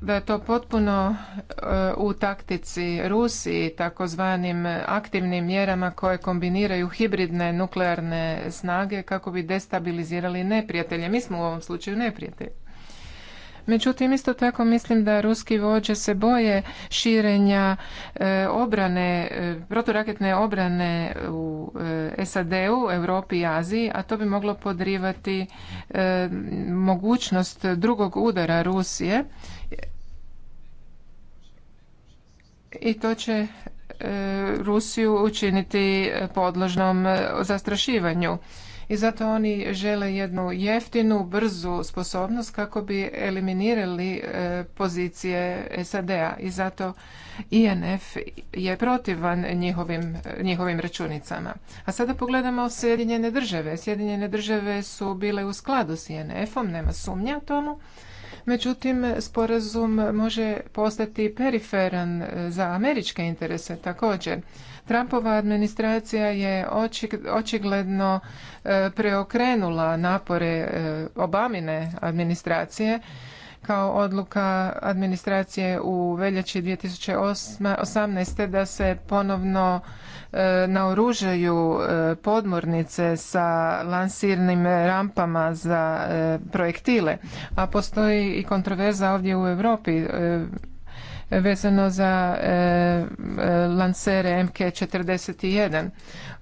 Speaker 2: da je to potpuno e, u taktici Rusiji, takozvanim aktivnim mjerama koje kombiniraju hibridne nuklearne snage kako bi destabilizirali neprijatelje. Mi smo u ovom slučaju neprijatelji. Međutim, isto tako mislim da ruski vođe se boje širenja e, obrane, e, proturaketne obrane u e, SAD-u, Europi i Aziji, a to bi moglo podrivati mogućnost drugog udara Rusije i to će Rusiju učiniti podložnom zastrašivanju i zato oni žele jednu jeftinu, brzu sposobnost kako bi eliminirali e, pozicije SAD-a i zato INF je protivan njihovim, njihovim računicama. A sada pogledamo Sjedinjene države. Sjedinjene države su bile u skladu s INF-om, nema sumnja tomu. Međutim, sporazum može postati periferan e, za američke interese također. Trumpova administracija je očigledno e, preokrenula napore e, Obamine administracije kao odluka administracije u veljači 2018. da se ponovno e, naoružaju podmornice sa lansirnim rampama za projektile. A postoji i kontroverza ovdje u Europi vezano za e, e, lansere MK41.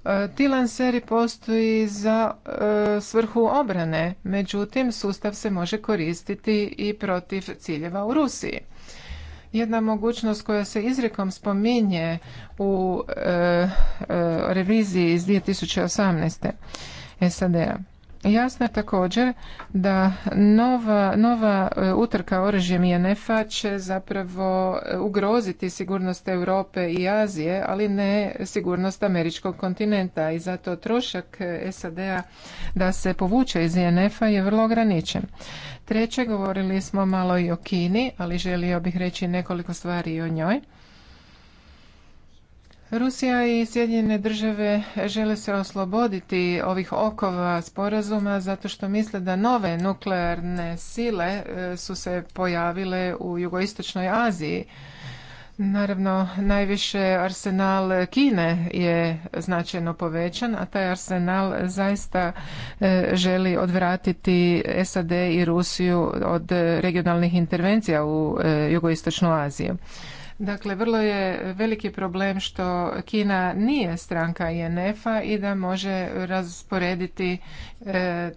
Speaker 2: E, ti lanseri postoji za svrhu obrane, međutim sustav se može koristiti i protiv ciljeva u Rusiji. Jedna mogućnost koja se izrekom spominje u reviziji iz 2018. SAD-a. Jasno je također da nova, nova e, utrka oružjem INF-a će zapravo e, ugroziti sigurnost Europe i Azije, ali ne sigurnost američkog kontinenta i zato trošak e, SAD-a da se povuče iz INF-a je vrlo ograničen. Treće, govorili smo malo i o Kini, ali želio bih reći nekoliko stvari i o njoj. Rusija i Sjedinjene države žele se osloboditi ovih okova sporazuma zato što misle da nove nuklearne sile e, su se pojavile u jugoistočnoj Aziji. Naravno, najviše arsenal Kine je značajno povećan, a taj arsenal zaista e, želi odvratiti SAD i Rusiju od regionalnih intervencija u e, jugoistočnu Aziju. Dakle, vrlo je veliki problem što Kina nije stranka INF-a i da može rasporediti e,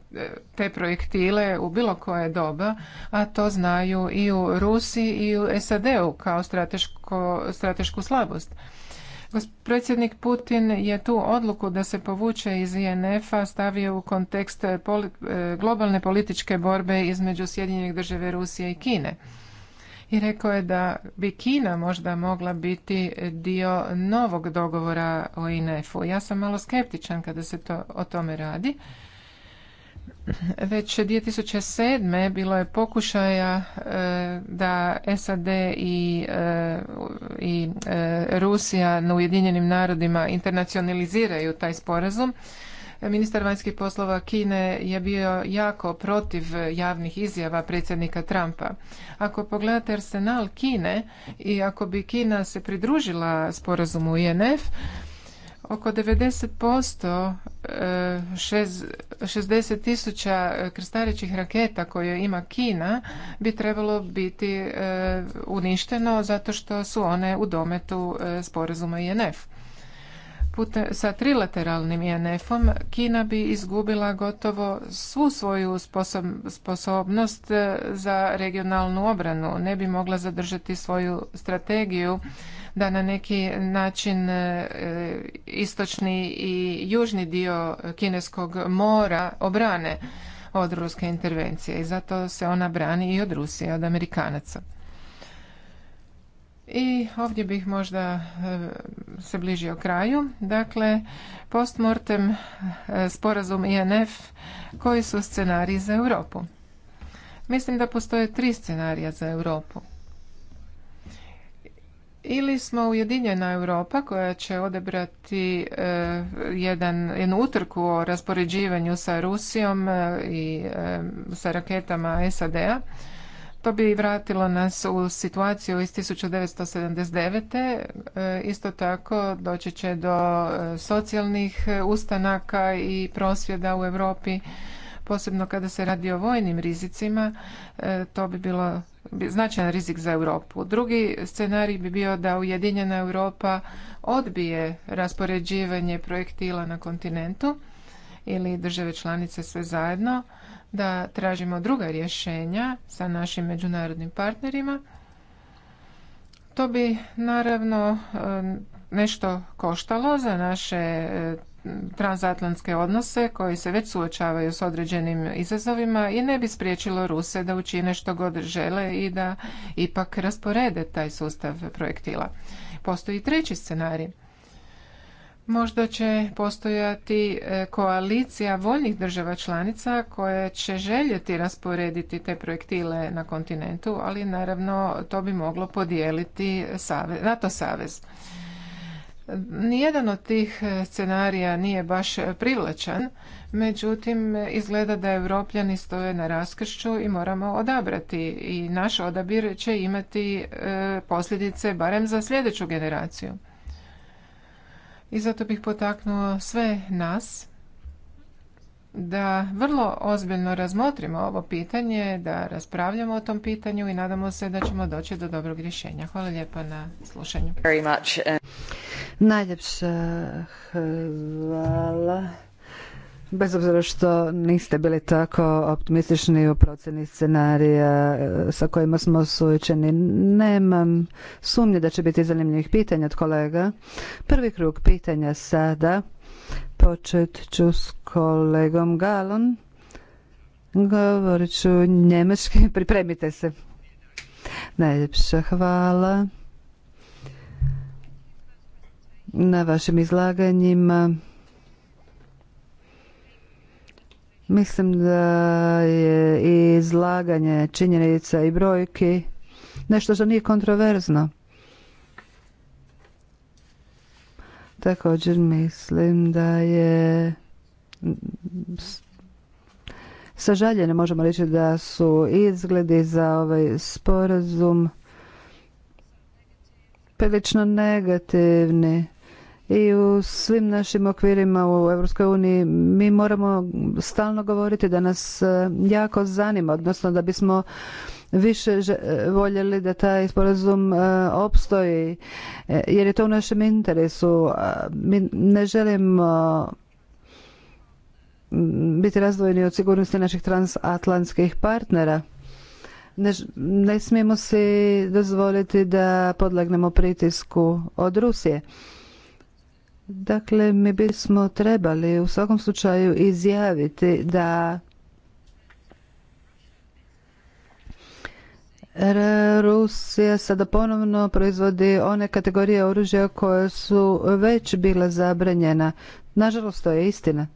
Speaker 2: te projektile u bilo koje doba, a to znaju i u Rusiji i u SAD-u kao stratešku slabost. Predsjednik Putin je tu odluku da se povuče iz INF-a stavio u kontekst e, globalne političke borbe između Sjedinjenih države Rusije i Kine i rekao je da bi Kina možda mogla biti dio novog dogovora o INF-u. Ja sam malo skeptičan kada se to, o tome radi. Već 2007. bilo je pokušaja e, da SAD i, e, i e, Rusija na Ujedinjenim narodima internacionaliziraju taj sporazum Ministar vanjskih poslova Kine je bio jako protiv javnih izjava predsjednika Trumpa. Ako pogledate arsenal Kine i ako bi Kina se pridružila sporazumu INF, oko 90% 60.000 eh, tisuća krstarećih raketa koje ima Kina bi trebalo biti eh, uništeno zato što su one u dometu eh, sporazuma INF sa trilateralnim INF-om Kina bi izgubila gotovo svu svoju sposobnost e, za regionalnu obranu. Ne bi mogla zadržati svoju strategiju da na neki način e, istočni i južni dio kineskog mora obrane od ruske intervencije i zato se ona brani i od Rusije, od Amerikanaca. I ovdje bih možda e, se bližio kraju. Dakle, postmortem e, sporazum INF koji su scenariji za Europu. Mislim da postoje tri scenarija za Europu. Ili smo ujedinjena Europa koja će odebrati e, jedan, jednu utrku o raspoređivanju sa Rusijom i sa raketama SAD-a to bi vratilo nas u situaciju iz 1979. E, isto tako doći će do e, socijalnih e, ustanaka i prosvjeda u Europi, posebno kada se radi o vojnim rizicima. To bi bilo značajan rizik za Europu. Drugi scenarij bi bio da Ujedinjena Europa odbije raspoređivanje projektila na kontinentu ili države članice sve zajedno da tražimo druga rješenja sa našim međunarodnim partnerima. To bi naravno e, nešto koštalo za naše e, transatlantske odnose koji se već suočavaju s određenim izazovima i ne bi spriječilo Ruse da učine što god žele i da ipak rasporede taj sustav projektila. Postoji treći scenarij Možda će postojati e, koalicija voljnih država članica koje će željeti rasporediti te projektile na kontinentu, ali naravno to bi moglo podijeliti NATO savez. Nijedan od tih e, scenarija nije baš privlačan, međutim e, izgleda da Evropljani stoje na raskršću i moramo odabrati i naš odabir će imati posljedice barem za sljedeću generaciju. I zato bih potaknuo sve nas da vrlo ozbiljno razmotrimo ovo pitanje, da raspravljamo o tom pitanju i nadamo se da ćemo doći do dobrog rješenja. Hvala lijepa na slušanju.
Speaker 3: Uh,
Speaker 2: Najljepša
Speaker 3: hvala
Speaker 2: bez obzira što niste
Speaker 3: bili tako optimistični u procjeni scenarija e, sa kojima smo suočeni, nemam sumnje da će biti zanimljivih pitanja od kolega. Prvi krug pitanja sada počet ću s kolegom Galon. Govorit ću njemački, pripremite se. Najljepša hvala na vašim izlaganjima. Mislim da je izlaganje činjenica i brojki nešto što nije kontroverzno. Također mislim da je sa žaljenjem možemo reći da su izgledi za ovaj sporazum prilično negativni i u svim našim okvirima u Europskoj uniji mi moramo stalno govoriti da nas e, jako zanima, odnosno da bismo više e, voljeli da taj sporazum e, opstoji jer je to u našem interesu. Mi ne želimo mm, biti razdvojeni od sigurnosti naših transatlantskih partnera. Ne, ne smijemo si dozvoliti da podlegnemo pritisku od Rusije. Dakle, mi bismo trebali u svakom slučaju izjaviti da Rusija sada ponovno proizvodi one kategorije oružja koje su već bila zabranjena. Nažalost, to je istina.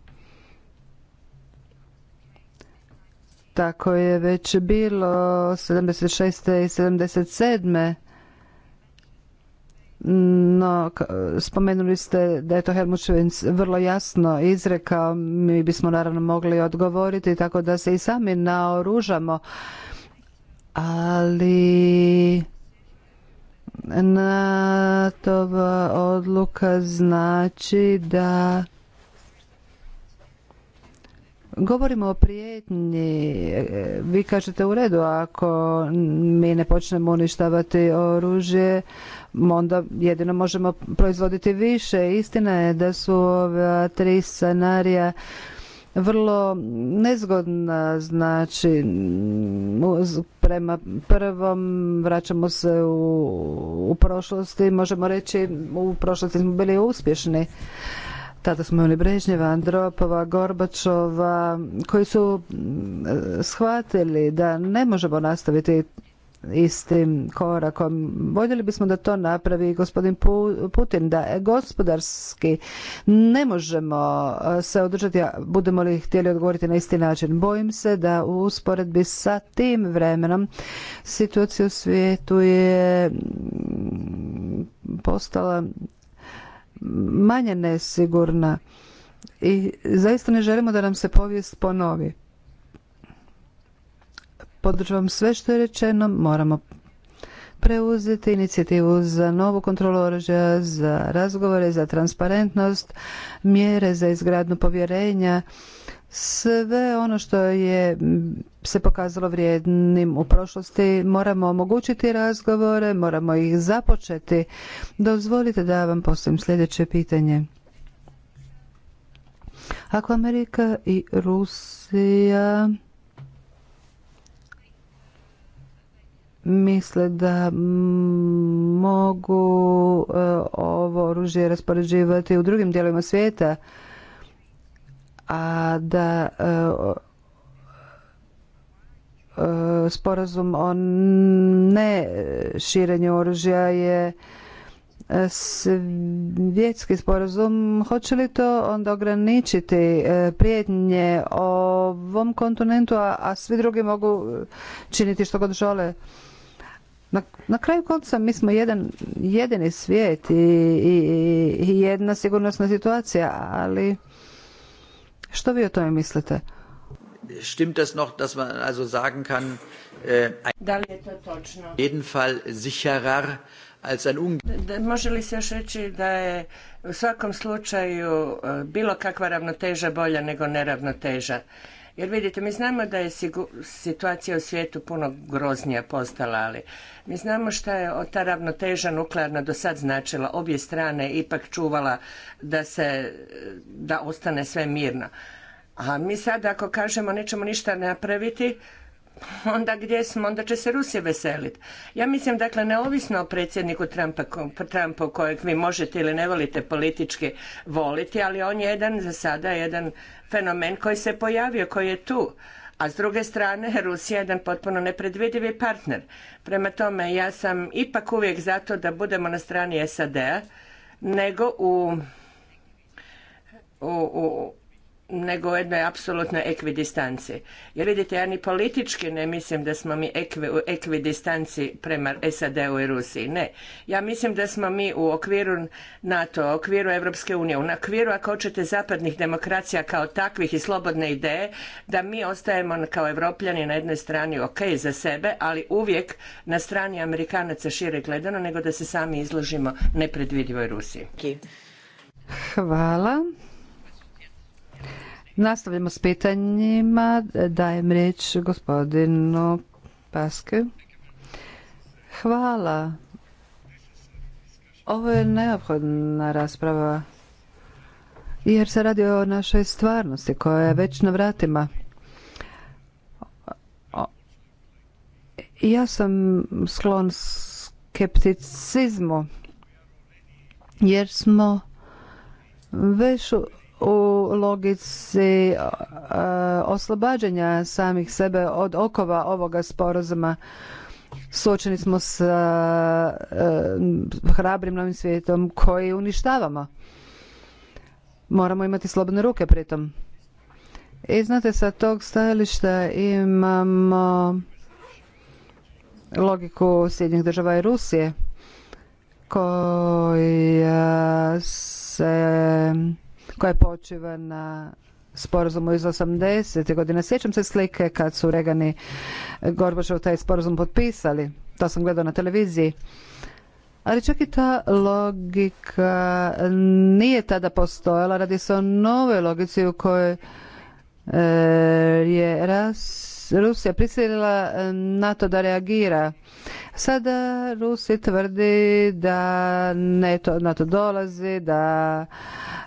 Speaker 3: Tako je već bilo 76. i 77. No, spomenuli ste da je to Helmut vrlo jasno izrekao, mi bismo naravno mogli odgovoriti tako da se i sami naoružamo, ali NATOva odluka znači da Govorimo o prijetnji. Vi kažete u redu, ako mi ne počnemo uništavati oružje, onda jedino možemo proizvoditi više. Istina je da su ova tri scenarija vrlo nezgodna znači prema prvom vraćamo se u, u prošlosti možemo reći u prošlosti smo bili uspješni tada smo imali Brežnjeva, Andropova, Gorbačova koji su mm, shvatili da ne možemo nastaviti istim korakom. Voljeli bismo da to napravi gospodin Putin, da gospodarski ne možemo e, se održati, budemo li htjeli odgovoriti na isti način. Bojim se da u usporedbi sa tim vremenom situacija u svijetu je mm, postala manje nesigurna i zaista ne želimo da nam se povijest ponovi podržavam sve što je rečeno, moramo preuzeti inicijativu za novu kontrolu oružja, za razgovore, za transparentnost, mjere za izgradnu povjerenja, sve ono što je se pokazalo vrijednim u prošlosti moramo omogućiti razgovore, moramo ih započeti. Dozvolite da vam postavim sljedeće pitanje. Ako Amerika i Rusija misle da mogu e, ovo oružje raspoređivati u drugim dijelovima svijeta, a da e, e, sporazum o ne širenju oružja je svjetski sporazum, hoće li to onda ograničiti prijetnje ovom kontinentu, a, a svi drugi mogu činiti što god žele? Na, na kraju konca mi smo jedan jedini svijet i, i, i jedna sigurnosna situacija, ali što vi o tome mislite?
Speaker 1: Stimmt das noch, dass man also sagen kann, äh, da li je to točno? Jeden sicherer als ein da, Može li se još reći da je u svakom slučaju äh, bilo kakva ravnoteža bolja nego neravnoteža? Jer vidite, mi znamo da je situacija u svijetu puno groznija postala, ali mi znamo šta je ta ravnoteža nuklearna do sad značila. Obje strane ipak čuvala da se, da ostane sve mirno. A mi sad ako kažemo nećemo ništa napraviti, onda gdje smo, onda će se Rusija veseliti. Ja mislim dakle neovisno o predsjedniku Trumpa, Trumpu kojeg vi možete ili ne volite politički voliti, ali on je jedan za sada jedan fenomen koji se pojavio, koji je tu. A s druge strane, Rusija je jedan potpuno nepredvidivi partner. Prema tome, ja sam ipak uvijek zato da budemo na strani SAD-a, nego u, u nego u jednoj apsolutnoj ekvidistanci. Jer vidite, ja ni politički ne mislim da smo mi u ekvidistanci prema SAD-u i Rusiji. Ne. Ja mislim da smo mi u okviru NATO, u okviru Europske unije, u okviru, ako hoćete, zapadnih demokracija kao takvih i slobodne ideje, da mi ostajemo kao evropljani na jednoj strani ok za sebe, ali uvijek na strani Amerikanaca šire gledano, nego da se sami izložimo nepredvidivoj Rusiji.
Speaker 3: Hvala. Nastavljamo s pitanjima. Dajem riječ gospodinu Paske. Hvala. Ovo je neophodna rasprava jer se radi o našoj stvarnosti koja je već na vratima. Ja sam sklon skepticizmu jer smo već u logici e, oslobađanja samih sebe od okova ovoga sporazuma suočeni smo s e, hrabrim novim svijetom koji uništavamo moramo imati slobodne ruke pritom i znate sa tog stajališta imamo logiku sjednjih država i Rusije koja se koja počiva na sporazumu iz 80. godine. Sjećam se slike kad su Regani Gorbačov taj sporazum potpisali. To sam gledao na televiziji. Ali čak i ta logika nije tada postojala. Radi se o novoj logici u kojoj e, je ras Rusija prisilila e, NATO da reagira. Sada Rusi tvrdi da NATO, NATO dolazi, da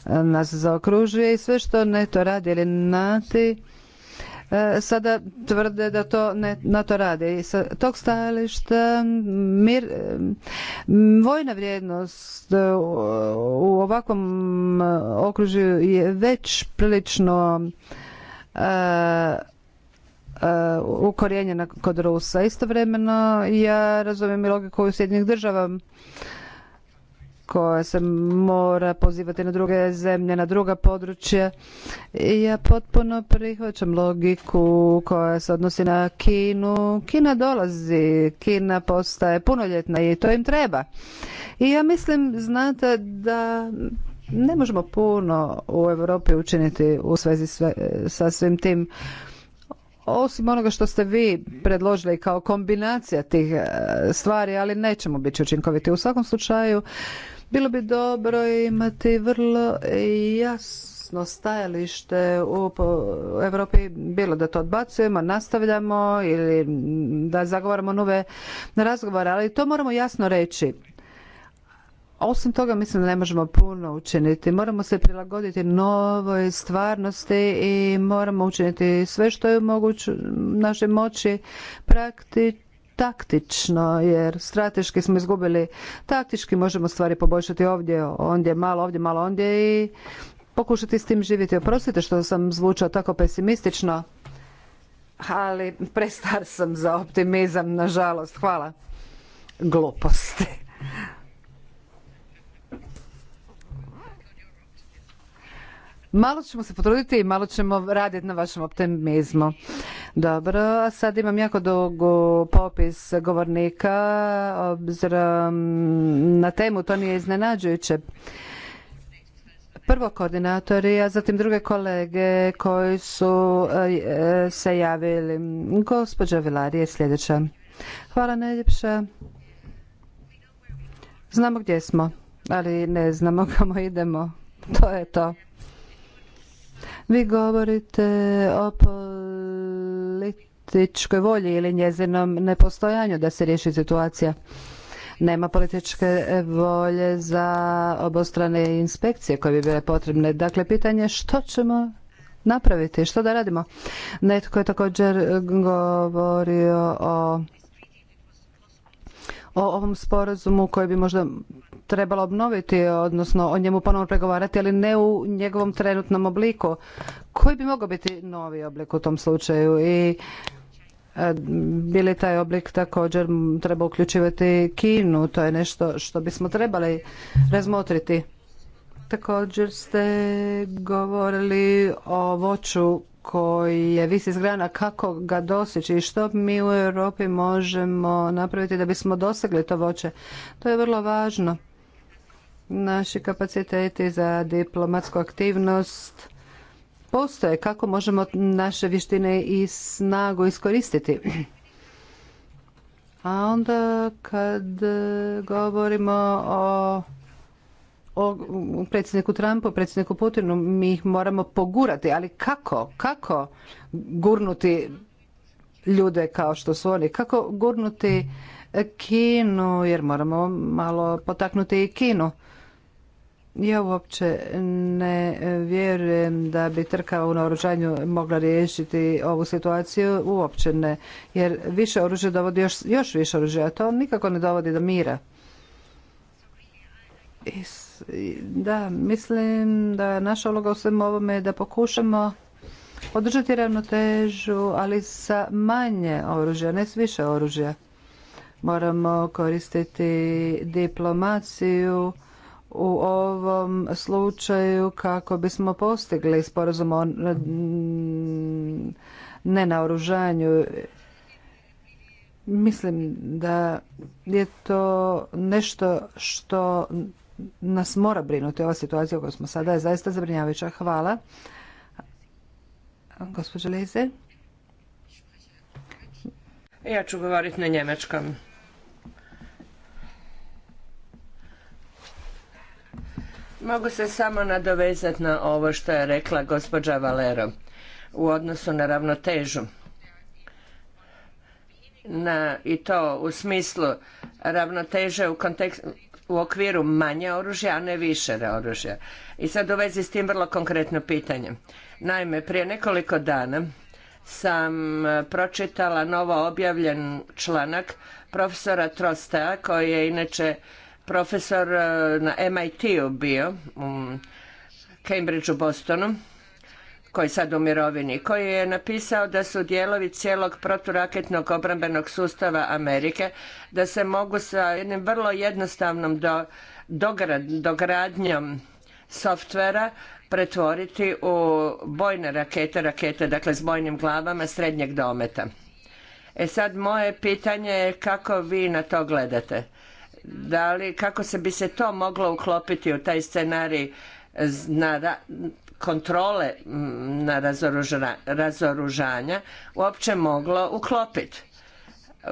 Speaker 3: e, nas zaokružuje i sve što NATO radi ili nati e, sada tvrde da to ne, na to rade. I sa tog stajališta mir, vojna vrijednost u ovakvom okružju je već prilično Uh, ukorijenjena kod Rusa. Istovremeno ja razumijem i logiku u Sjedinjenih država koja se mora pozivati na druge zemlje, na druga područja. I ja potpuno prihvaćam logiku koja se odnosi na Kinu. Kina dolazi, Kina postaje punoljetna i to im treba. I ja mislim, znate, da ne možemo puno u Europi učiniti u svezi sve, sa svim tim osim onoga što ste vi predložili kao kombinacija tih e, stvari, ali nećemo biti učinkoviti. U svakom slučaju, bilo bi dobro imati vrlo jasno stajalište u Europi, bilo da to odbacujemo, nastavljamo ili da zagovaramo nove razgovore, ali to moramo jasno reći osim toga mislim da ne možemo puno učiniti. Moramo se prilagoditi novoj stvarnosti i moramo učiniti sve što je moguće naše moći praktično taktično, jer strateški smo izgubili taktički, možemo stvari poboljšati ovdje, ondje, malo ovdje, malo ondje i pokušati s tim živjeti. Oprostite što sam zvučao tako pesimistično, ali prestar sam za optimizam, nažalost. Hvala. Gluposti. Malo ćemo se potruditi i malo ćemo raditi na vašem optimizmu. Dobro, a sad imam jako dugo popis govornika, obzirom na temu, to nije iznenađujuće prvo koordinatori, a zatim druge kolege koji su e, se javili. Gospođa Vilari je sljedeća. Hvala najljepša. Znamo gdje smo, ali ne znamo kamo idemo. To je to. Vi govorite o političkoj volji ili njezinom nepostojanju da se riješi situacija. Nema političke volje za obostrane inspekcije koje bi bile potrebne. Dakle, pitanje što ćemo napraviti, što da radimo. Netko je također govorio o o ovom sporazumu koji bi možda trebalo obnoviti, odnosno o njemu ponovno pregovarati, ali ne u njegovom trenutnom obliku. Koji bi mogao biti novi oblik u tom slučaju? I e, bili taj oblik također treba uključivati Kinu, to je nešto što bismo trebali razmotriti. Također ste govorili o voću koji je vis iz grana, kako ga dosjeći i što mi u Europi možemo napraviti da bismo dosegli to voće. To je vrlo važno naši kapaciteti za diplomatsku aktivnost postoje, kako možemo naše vještine i snagu iskoristiti. A onda kad govorimo o o predsjedniku Trumpu, predsjedniku Putinu, mi ih moramo pogurati, ali kako? Kako gurnuti ljude kao što su oni? Kako gurnuti Kinu, jer moramo malo potaknuti i Kinu? ja uopće ne vjerujem da bi trka u naoružanju mogla riješiti ovu situaciju, uopće ne. Jer više oružja dovodi još, još više oružja, a to nikako ne dovodi do mira. da, mislim da naša uloga u svemu ovome je da pokušamo održati ravnotežu, ali sa manje oružja, ne s više oružja. Moramo koristiti diplomaciju, u ovom slučaju kako bismo postigli sporazum o nenaoružanju. Mislim da je to nešto što nas mora brinuti. Ova situacija u kojoj smo sada je zaista zabrinjavajuća. Hvala. Gospođa Lize.
Speaker 1: Ja ću govoriti na njemačkom. Mogu se samo nadovezati na ovo što je rekla gospođa Valero u odnosu na ravnotežu. Na, I to u smislu ravnoteže u u okviru manje oružja, a ne više oružja. I sad u vezi s tim vrlo konkretno pitanje. Naime, prije nekoliko dana sam e, pročitala novo objavljen članak profesora Trostea, koji je inače profesor e, na MIT-u bio, u Cambridgeu, Bostonu, koji je sad u mirovini, koji je napisao da su dijelovi cijelog proturaketnog obrambenog sustava Amerike, da se mogu sa jednim vrlo jednostavnom dogradnjom softvera pretvoriti u bojne rakete, rakete dakle s bojnim glavama srednjeg dometa. E sad moje pitanje je kako vi na to gledate? da li, kako se bi se to moglo uklopiti u taj scenarij na kontrole na razoružanja uopće moglo uklopiti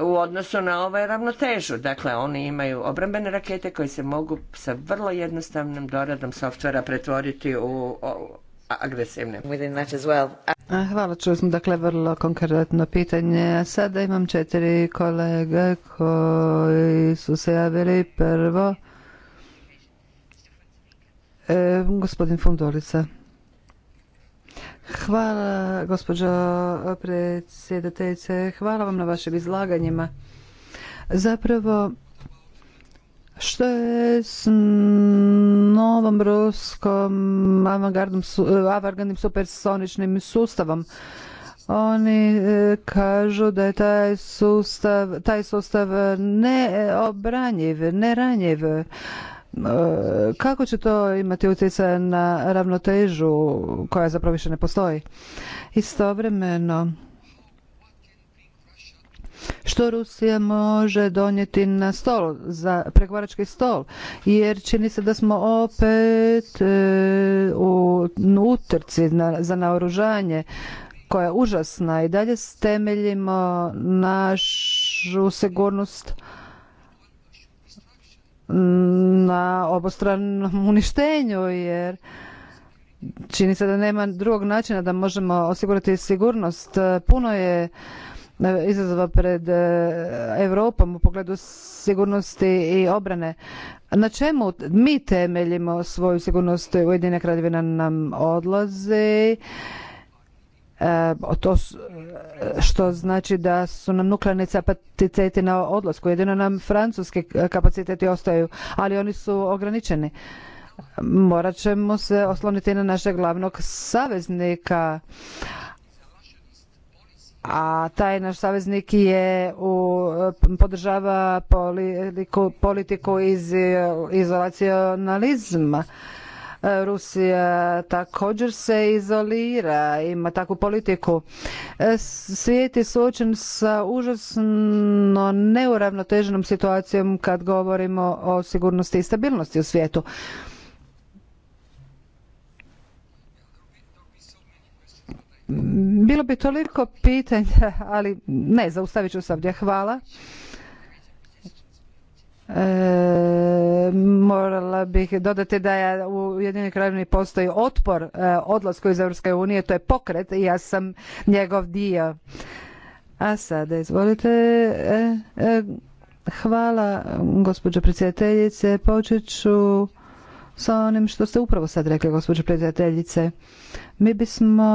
Speaker 1: u odnosu na ovaj ravnotežu. Dakle, oni imaju obrambene rakete koje se mogu sa vrlo jednostavnim doradom softvera pretvoriti u agresivne.
Speaker 3: Hvala, čuo smo dakle vrlo konkretno pitanje. Sada imam četiri kolege koji su se javili prvo. E, gospodin Fundolica. Hvala, gospođo predsjedateljice. Hvala vam na vašim izlaganjima. Zapravo, što je novom ruskom eh, avangardnim supersoničnim sustavom. Oni eh, kažu da je taj sustav, taj sustav eh, neobranjiv, neranjiv. Kako će to imati utjecaj na ravnotežu koja zapravo više ne postoji? Istovremeno, što Rusija može donijeti na stol, za pregovarački stol, jer čini se da smo opet e, u utrci za naoružanje koja je užasna i dalje temeljimo našu sigurnost na obostranom uništenju jer čini se da nema drugog načina da možemo osigurati sigurnost. Puno je E, izazova pred e, Europom u pogledu sigurnosti i obrane. Na čemu mi temeljimo svoju sigurnost? Ujedinjena kraljevina nam odlazi. E, to što znači da su nam nuklearni kapaciteti na odlasku. Jedino nam francuski kapaciteti ostaju, ali oni su ograničeni. Morat ćemo se osloniti na našeg glavnog saveznika a taj naš saveznik je u, podržava politiku, politiku izolacionalizma. Rusija također se izolira, ima takvu politiku. E, svijet je suočen sa užasno neuravnoteženom situacijom kad govorimo o sigurnosti i stabilnosti u svijetu. Bilo bi toliko pitanja, ali ne, zaustavit ću se ovdje. Hvala. E, morala bih dodati da je u Ujedinjenoj Kraljevini postoji otpor e, odlasku iz Europske unije, to je pokret i ja sam njegov dio. A sada, izvolite. E, e, hvala, gospođo predsjedateljice. Počet ću sa onim što ste upravo sad rekli, gospođo predsjedateljice. Mi bismo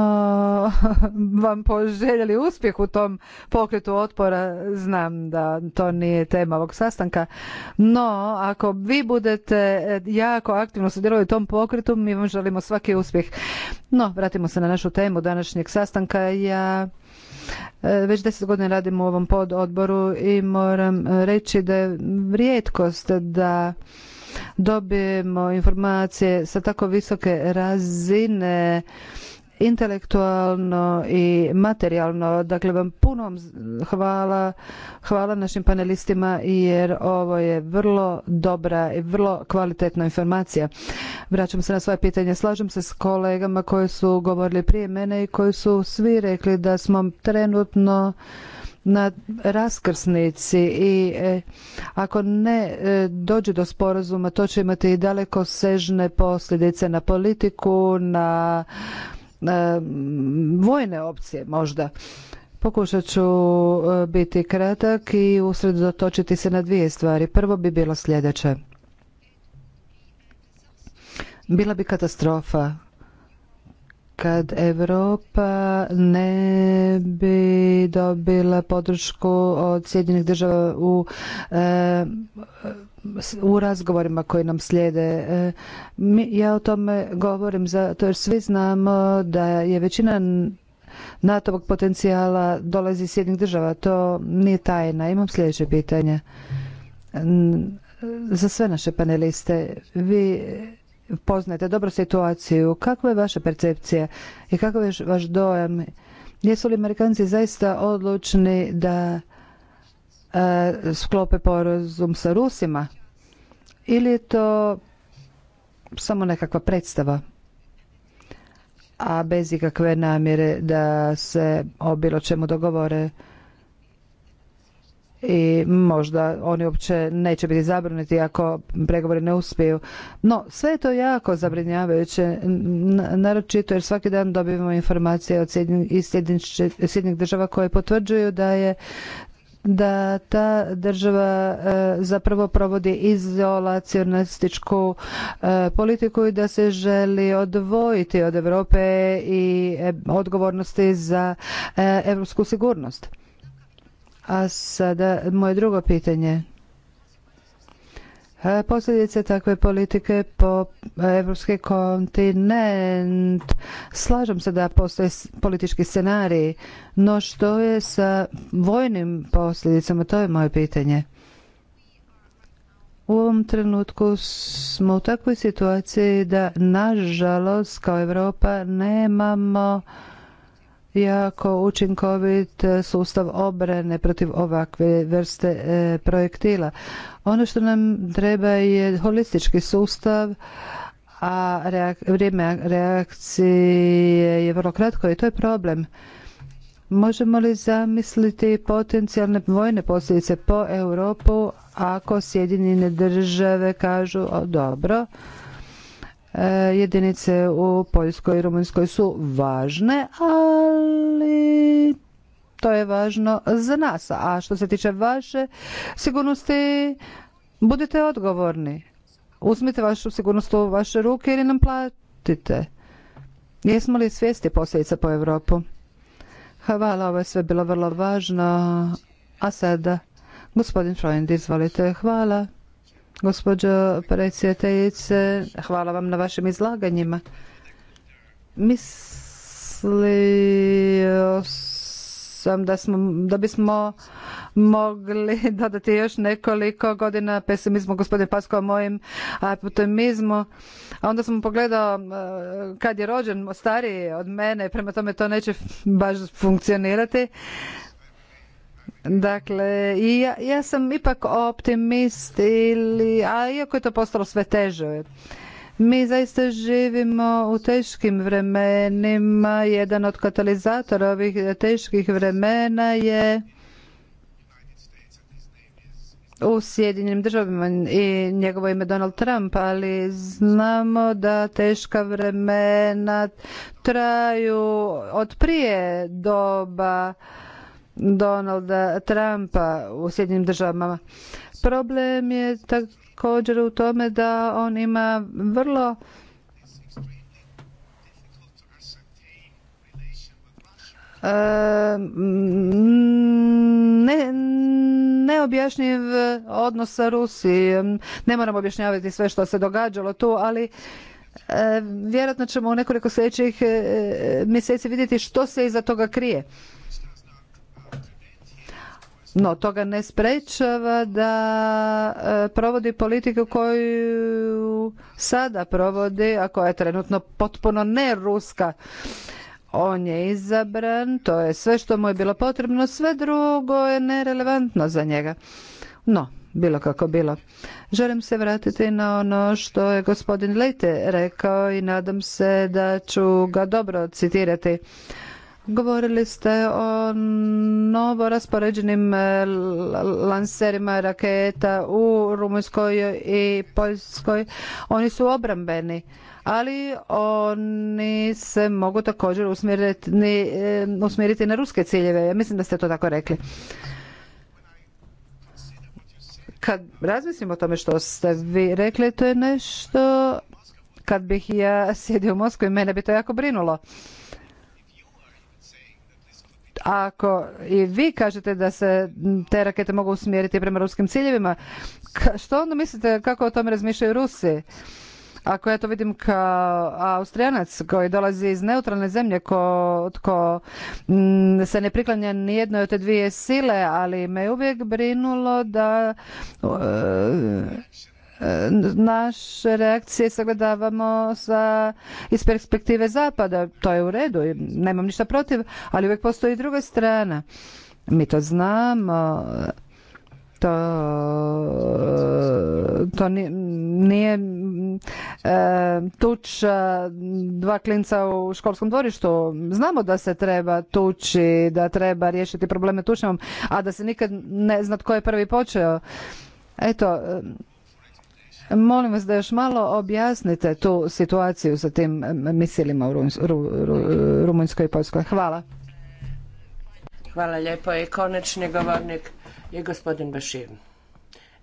Speaker 3: vam poželjeli uspjeh u tom pokretu otpora. Znam da to nije tema ovog sastanka, no ako vi budete jako aktivno sudjelovali u tom pokretu, mi vam želimo svaki uspjeh. No, vratimo se na našu temu današnjeg sastanka. Ja e, već deset godina radim u ovom pododboru i moram reći da je rijetkost da dobijemo informacije sa tako visoke razine intelektualno i materijalno. Dakle, vam puno hvala, hvala našim panelistima jer ovo je vrlo dobra i vrlo kvalitetna informacija. Vraćam se na svoje pitanje. Slažem se s kolegama koji su govorili prije mene i koji su svi rekli da smo trenutno na raskrsnici i e, ako ne e, dođe do sporazuma to će imati i daleko sežne posljedice na politiku, na e, vojne opcije možda. Pokušat ću biti kratak i usredotočiti se na dvije stvari. Prvo bi bilo sljedeće. Bila bi katastrofa kad Europa ne bi dobila podršku od Sjedinjenih država u, eh, u razgovorima koji nam slijede. Eh, ja o tome govorim zato jer svi znamo da je većina NATO-vog potencijala dolazi iz Sjedinjenih država. To nije tajna. Imam sljedeće pitanje za sve naše paneliste. Vi poznajete dobro situaciju. Kakva je vaša percepcija i kakav je vaš dojam? Jesu li Amerikanci zaista odlučni da e, sklope porozum sa Rusima? Ili je to samo nekakva predstava? A bez ikakve namjere da se o bilo čemu dogovore i možda oni uopće neće biti zabrinuti ako pregovori ne uspiju. No, sve je to jako zabrinjavajuće, naročito jer svaki dan dobivamo informacije od Sjednih država koje potvrđuju da je da ta država e, zapravo provodi izolacionističku e, politiku i da se želi odvojiti od Europe i e, odgovornosti za europsku sigurnost. A sada moje drugo pitanje. E, posljedice takve politike po evropski kontinent. Slažem se da postoje politički scenariji, no što je sa vojnim posljedicama? To je moje pitanje. U ovom trenutku smo u takvoj situaciji da, nažalost, kao Europa nemamo jako učinkovit e, sustav obrane protiv ovakve vrste e, projektila. Ono što nam treba je holistički sustav, a vrijeme reakcije je vrlo kratko i to je problem. Možemo li zamisliti potencijalne vojne posljedice po Europu ako Sjedinjene države kažu o, dobro, E, jedinice u Poljskoj i Rumunjskoj su važne, ali to je važno za nas. A što se tiče vaše sigurnosti, budite odgovorni. Uzmite vašu sigurnost u vaše ruke ili nam platite. Jesmo li svijesti posljedica po Europu? Hvala, ovo je sve bilo vrlo važno. A sada, gospodin Freund, izvolite. Hvala. Gospođo predsjedateljice, hvala vam na vašim izlaganjima. Mislio sam da, smo, da bismo mogli dodati još nekoliko godina pesimizmu gospodine Pasko o mojim optimizmu. A onda sam pogledao kad je rođen stariji od mene, prema tome to neće baš funkcionirati. Dakle, ja, ja sam ipak optimist, ili, a iako je to postalo sve teže. Mi zaista živimo u teškim vremenima. Jedan od katalizatora ovih teških vremena je u Sjedinjenim državama i njegovo ime Donald Trump, ali znamo da teška vremena traju od prije doba Donalda Trumpa u Sjedinim državama. Problem je također u tome da on ima vrlo e, ne, neobjašnjiv odnos sa Rusijom. Ne moram objašnjavati sve što se događalo tu, ali e, vjerojatno ćemo u nekoliko sljedećih e, mjeseci vidjeti što se iza toga krije. No, toga ne sprečava da e, provodi politiku koju sada provodi, a koja je trenutno potpuno ne ruska. On je izabran, to je sve što mu je bilo potrebno, sve drugo je nerelevantno za njega. No, bilo kako bilo. Želim se vratiti na ono što je gospodin Lejte rekao i nadam se da ću ga dobro citirati. Govorili ste o novo raspoređenim e, lanserima raketa u Rumunjskoj i Poljskoj. Oni su obrambeni, ali oni se mogu također usmjeriti, e, usmjeriti na ruske ciljeve. Ja mislim da ste to tako rekli. Kad razmislim o tome što ste vi rekli, to je nešto kad bih ja sjedio u Moskvi, mene bi to jako brinulo ako i vi kažete da se te rakete mogu usmjeriti prema ruskim ciljevima, što onda mislite kako o tome razmišljaju Rusi? Ako ja to vidim kao Austrijanac koji dolazi iz neutralne zemlje, ko, tko mm, se ne priklanja nijednoj od te dvije sile, ali me uvijek brinulo da naše reakcije sagledavamo sa, iz perspektive zapada. To je u redu, nemam ništa protiv, ali uvijek postoji i druga strana. Mi to znamo, to, to nije, nije dva klinca u školskom dvorištu. Znamo da se treba tući, da treba riješiti probleme tučnjom, a da se nikad ne zna tko je prvi počeo. Eto, Molim vas da još malo objasnite tu situaciju sa tim misilima u Rumunjskoj i Poljskoj. Hvala.
Speaker 1: Hvala lijepo. I Konečni govornik je gospodin Bašir.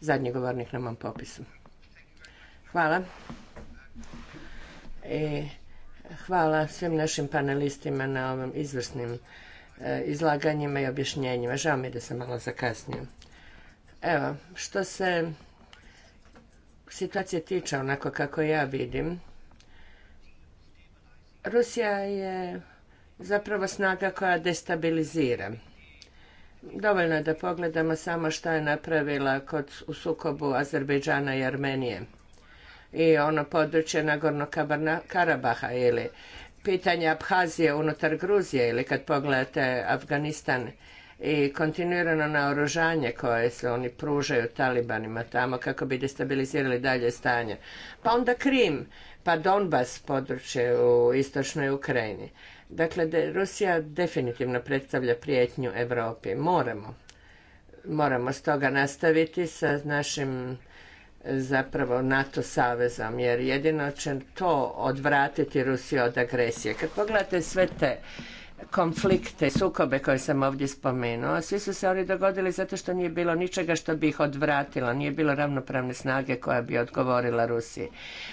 Speaker 1: Zadnji govornik na mom popisu. Hvala. I hvala svim našim panelistima na ovim izvrsnim e, izlaganjima i objašnjenjima. Žao mi je da sam malo zakasnio. Evo, što se Situacija tiče, onako kako ja vidim, Rusija je zapravo snaga koja destabilizira. Dovoljno je da pogledamo samo što je napravila kod, u sukobu Azerbejdžana i Armenije i ono područje Nagorno Karabaha ili pitanje Abhazije unutar Gruzije ili kad pogledate Afganistan i kontinuirano naoružanje koje se oni pružaju talibanima tamo kako bi destabilizirali dalje stanje. Pa onda Krim, pa Donbas područje u istočnoj Ukrajini. Dakle, Rusija definitivno predstavlja prijetnju Europi. Moramo. Moramo stoga nastaviti sa našim zapravo NATO savezom, jer jedino će to odvratiti Rusiju od agresije. Kad pogledate sve te konflikte, sukobe koje sam ovdje spomenuo. Svi su se oni dogodili zato što nije bilo ničega što bi ih odvratilo, nije bilo ravnopravne snage koja bi odgovorila Rusiji.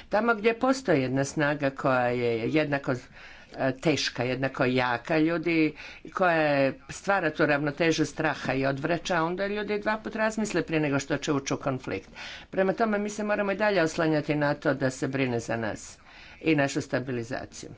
Speaker 1: Tamo gdje postoji jedna snaga koja je jednako e, teška, jednako jaka ljudi koja stvara tu ravnotežu straha i odvraća, onda ljudi dva put razmisle prije nego što će ući u konflikt. Prema tome mi se moramo i dalje oslanjati na to da se brine za nas i našu stabilizaciju,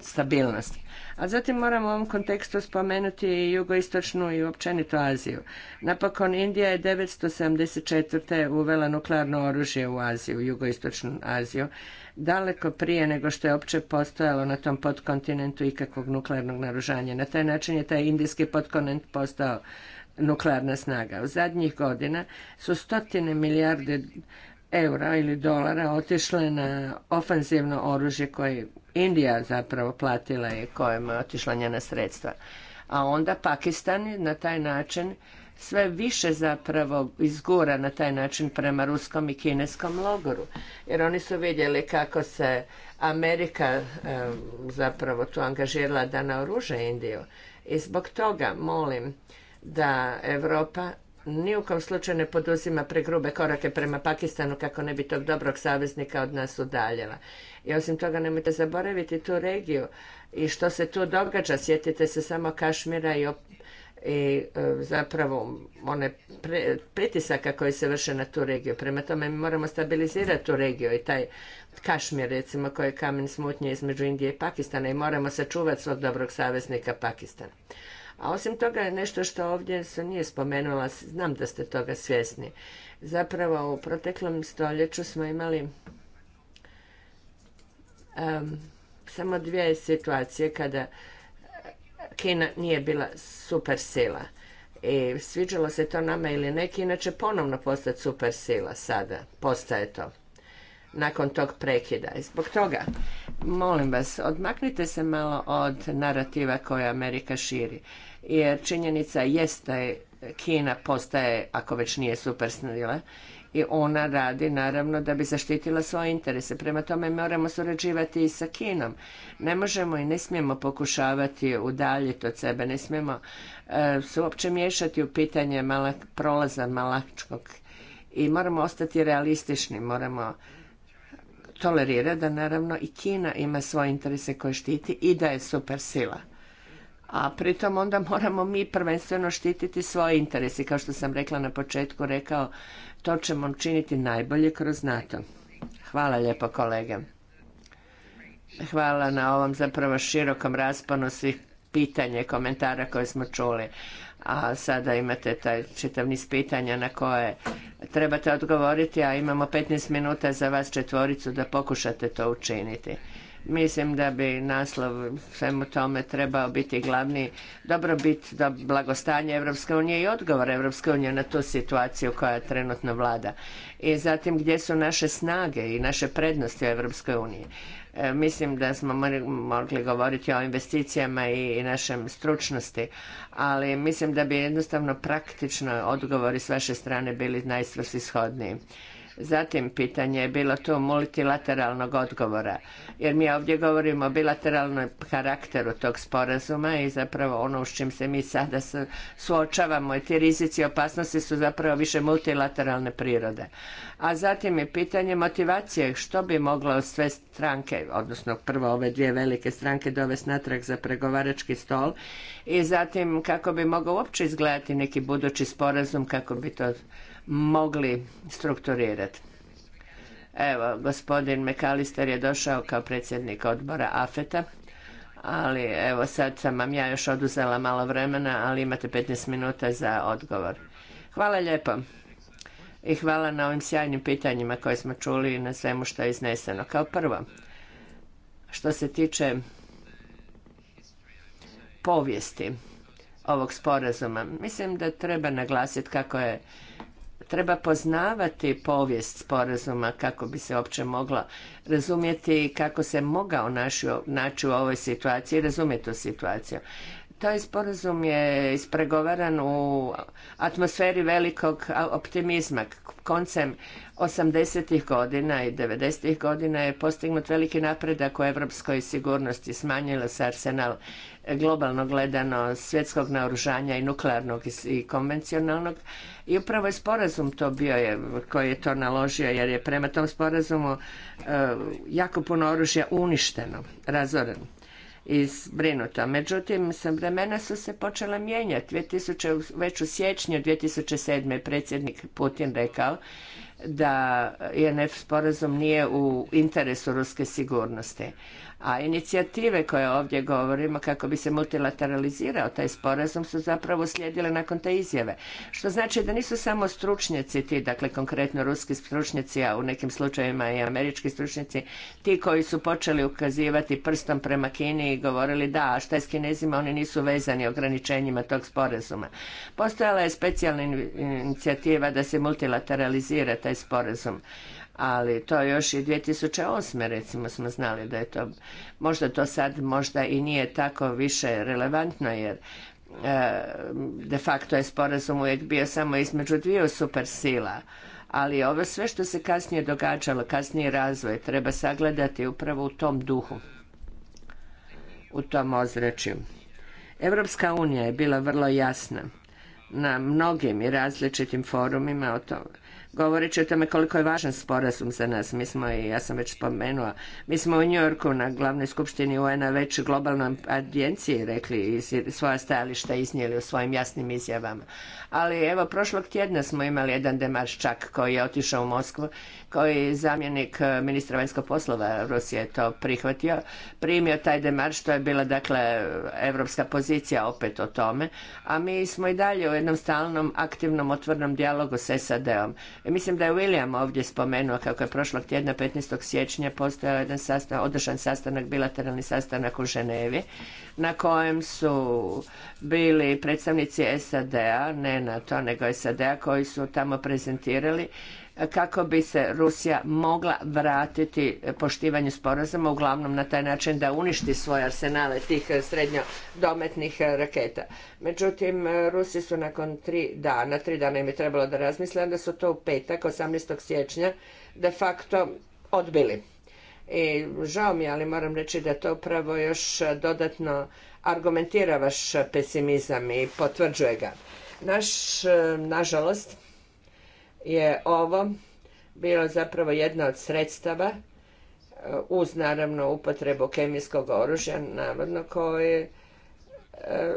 Speaker 1: stabilnost. A zatim moramo u ovom kontekstu spomenuti i jugoistočnu i općenito Aziju. Napokon Indija je 1974. uvela nuklearno oružje u Aziju, jugoistočnu Aziju, daleko prije nego što je opće postojalo na tom podkontinentu ikakvog nuklearnog naružanja. Na taj način je taj indijski podkontinent postao nuklearna snaga. U zadnjih godina su stotine milijarde eura ili dolara otišle na ofanzivno oružje koje Indija zapravo platila i kojem je otišla njena sredstva. A onda Pakistan na taj način sve više zapravo izgura na taj način prema ruskom i kineskom logoru. Jer oni su vidjeli kako se Amerika zapravo tu angažirala da naoruže Indiju. I zbog toga molim da Europa ni u kom slučaju ne poduzima pregrube korake prema Pakistanu kako ne bi tog dobrog saveznika od nas udaljila. I osim toga nemojte zaboraviti tu regiju i što se tu događa. Sjetite se samo Kašmira i, e, zapravo one pritisaka koji se vrše na tu regiju. Prema tome mi moramo stabilizirati tu regiju i taj Kašmir recimo koji je kamen smutnje između Indije i Pakistana i moramo sačuvati svog dobrog saveznika pakistan. A osim toga je nešto što ovdje se nije spomenula, znam da ste toga svjesni. Zapravo u proteklom stoljeću smo imali samo dvije situacije kada Kina nije bila super sila. I sviđalo se to nama ili neki, inače ponovno postati super sila sada. Postaje to. Nakon tog prekida. I zbog toga, molim vas, odmaknite se malo od narativa koje Amerika širi jer činjenica jest da Kina postaje, ako već nije supersnila, i ona radi naravno da bi zaštitila svoje interese. Prema tome moramo surađivati i sa Kinom. Ne možemo i ne smijemo pokušavati udaljiti od sebe, ne smijemo e, se uopće miješati u pitanje prolaza malačkog i moramo ostati realistični, moramo tolerirati da naravno i Kina ima svoje interese koje štiti i da je super sila a pritom onda moramo mi prvenstveno štititi svoje interese. Kao što sam rekla na početku, rekao, to ćemo činiti najbolje kroz NATO. Hvala lijepo kolege. Hvala na ovom zapravo širokom rasponu svih pitanja i komentara koje smo čuli. A sada imate taj čitav niz pitanja na koje trebate odgovoriti, a imamo 15 minuta za vas četvoricu da pokušate to učiniti. Mislim da bi naslov svemu tome trebao biti glavni dobrobit, da blagostanje Europske unije i odgovor Europske unije na tu situaciju koja trenutno vlada. I zatim gdje su naše snage i naše prednosti u Europskoj uniji. E, mislim da smo mogli govoriti o investicijama i našem stručnosti, ali mislim da bi jednostavno praktično odgovori s vaše strane bili najsvrsishodniji. Zatim pitanje je bilo tu multilateralnog odgovora, jer mi ovdje govorimo o bilateralnom karakteru tog sporazuma i zapravo ono s čim se mi sada suočavamo i ti rizici i opasnosti su zapravo više multilateralne prirode. A zatim je pitanje motivacije što bi moglo sve stranke, odnosno prvo ove dvije velike stranke dovesti natrag za pregovarački stol i zatim kako bi mogao uopće izgledati neki budući sporazum kako bi to mogli strukturirati. Evo, gospodin McAllister je došao kao predsjednik odbora AFETA, ali evo sad sam vam ja još oduzela malo vremena, ali imate 15 minuta za odgovor. Hvala lijepo i hvala na ovim sjajnim pitanjima koje smo čuli i na svemu što je izneseno. Kao prvo, što se tiče povijesti ovog sporazuma, mislim da treba naglasiti kako je Treba poznavati povijest sporazuma kako bi se uopće mogla razumjeti kako se mogao naći u ovoj situaciji i razumjeti tu situaciju. Taj sporazum je ispregovaran u atmosferi velikog optimizma. Koncem 80. godina i 90. godina je postignut veliki napredak u evropskoj sigurnosti, smanjilo se arsenal globalno gledano svjetskog naoružanja i nuklearnog i konvencionalnog i upravo je sporazum to bio je koji je to naložio jer je prema tom sporazumu e, jako puno oružja uništeno, razoreno i zbrinuto. Međutim, sam vremena su se počela mijenjati. 2000, već u siječnju 2007. je predsjednik Putin rekao da INF e sporazum nije u interesu ruske sigurnosti. A inicijative koje ovdje govorimo kako bi se multilateralizirao taj sporazum su zapravo slijedile nakon te izjave. Što znači da nisu samo stručnjaci ti, dakle konkretno ruski stručnjaci, a u nekim slučajevima i američki stručnjaci, ti koji su počeli ukazivati prstom prema Kini i govorili da, a šta je s Kinezima, oni nisu vezani ograničenjima tog sporazuma. Postojala je specijalna inicijativa da se multilateralizira taj sporazum ali to još i 2008. recimo smo znali da je to, možda to sad možda i nije tako više relevantno jer e, de facto je sporazum uvijek bio samo između dviju supersila, ali ovo sve što se kasnije događalo, kasnije razvoj, treba sagledati upravo u tom duhu, u tom ozračju. Evropska unija je bila vrlo jasna na mnogim i različitim forumima o tome govoreći o tome koliko je važan sporazum za nas. Mi smo, ja sam već spomenula, mi smo u Njorku na glavnoj skupštini UN-a već globalnoj agenciji rekli i svoja stajališta iznijeli u svojim jasnim izjavama. Ali evo, prošlog tjedna smo imali jedan demarš koji je otišao u Moskvu koji zamjenik e, ministra vanjskog poslova Rusije to prihvatio, primio taj demarš, što je bila dakle evropska pozicija opet o tome, a mi smo i dalje u jednom stalnom aktivnom otvornom dijalogu s SAD-om. E, mislim da je William ovdje spomenuo kako je prošlog tjedna 15. siječnja postojao jedan sastanak, održan sastanak, bilateralni sastanak u Ženevi, na kojem su bili predstavnici SAD-a, ne na to nego SAD-a, koji su tamo prezentirali kako bi se Rusija mogla vratiti poštivanju sporazuma, uglavnom na taj način da uništi svoje arsenale tih e, srednjodometnih e, raketa. Međutim, e, Rusi su nakon tri dana, tri dana im je trebalo da razmisle, onda su to u petak, 18. siječnja, de facto odbili. I žao mi je, ali moram reći da to upravo još dodatno argumentira vaš pesimizam i potvrđuje ga. Naš, nažalost, je ovo bilo zapravo jedno od sredstava e, uz naravno upotrebu kemijskog oružja navodno koje e,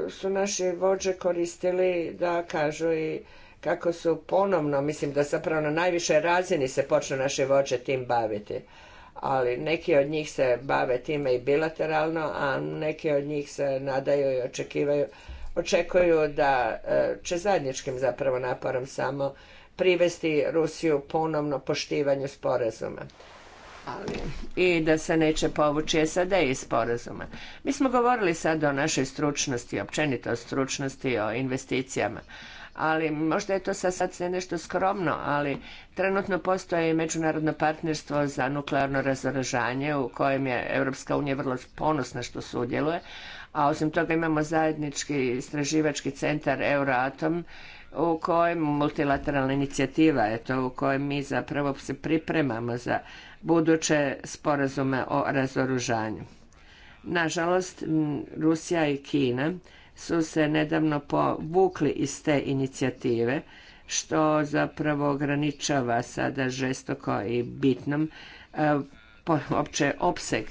Speaker 1: su naši vođe koristili da kažu i kako su ponovno, mislim da zapravo na najviše razini se počnu naše vođe tim baviti. Ali neki od njih se bave time i bilateralno, a neki od njih se nadaju i očekuju da e, će zajedničkim zapravo naporom samo privesti Rusiju ponovno poštivanju sporazuma. Ali, I da se neće povući SAD iz sporazuma. Mi smo govorili sad o našoj stručnosti, općenito o stručnosti, o investicijama. Ali možda je to sad, sad sve nešto skromno, ali trenutno postoji međunarodno partnerstvo za nuklearno razoražanje u kojem je Europska unija vrlo ponosna što sudjeluje, a osim toga imamo zajednički istraživački centar Euroatom u kojem multilateralna inicijativa je to u kojem mi zapravo se pripremamo za buduće sporazume o razoružanju. Nažalost, Rusija i Kina su se nedavno povukli iz te inicijative, što zapravo ograničava sada žestoko i bitnom e, opće opseg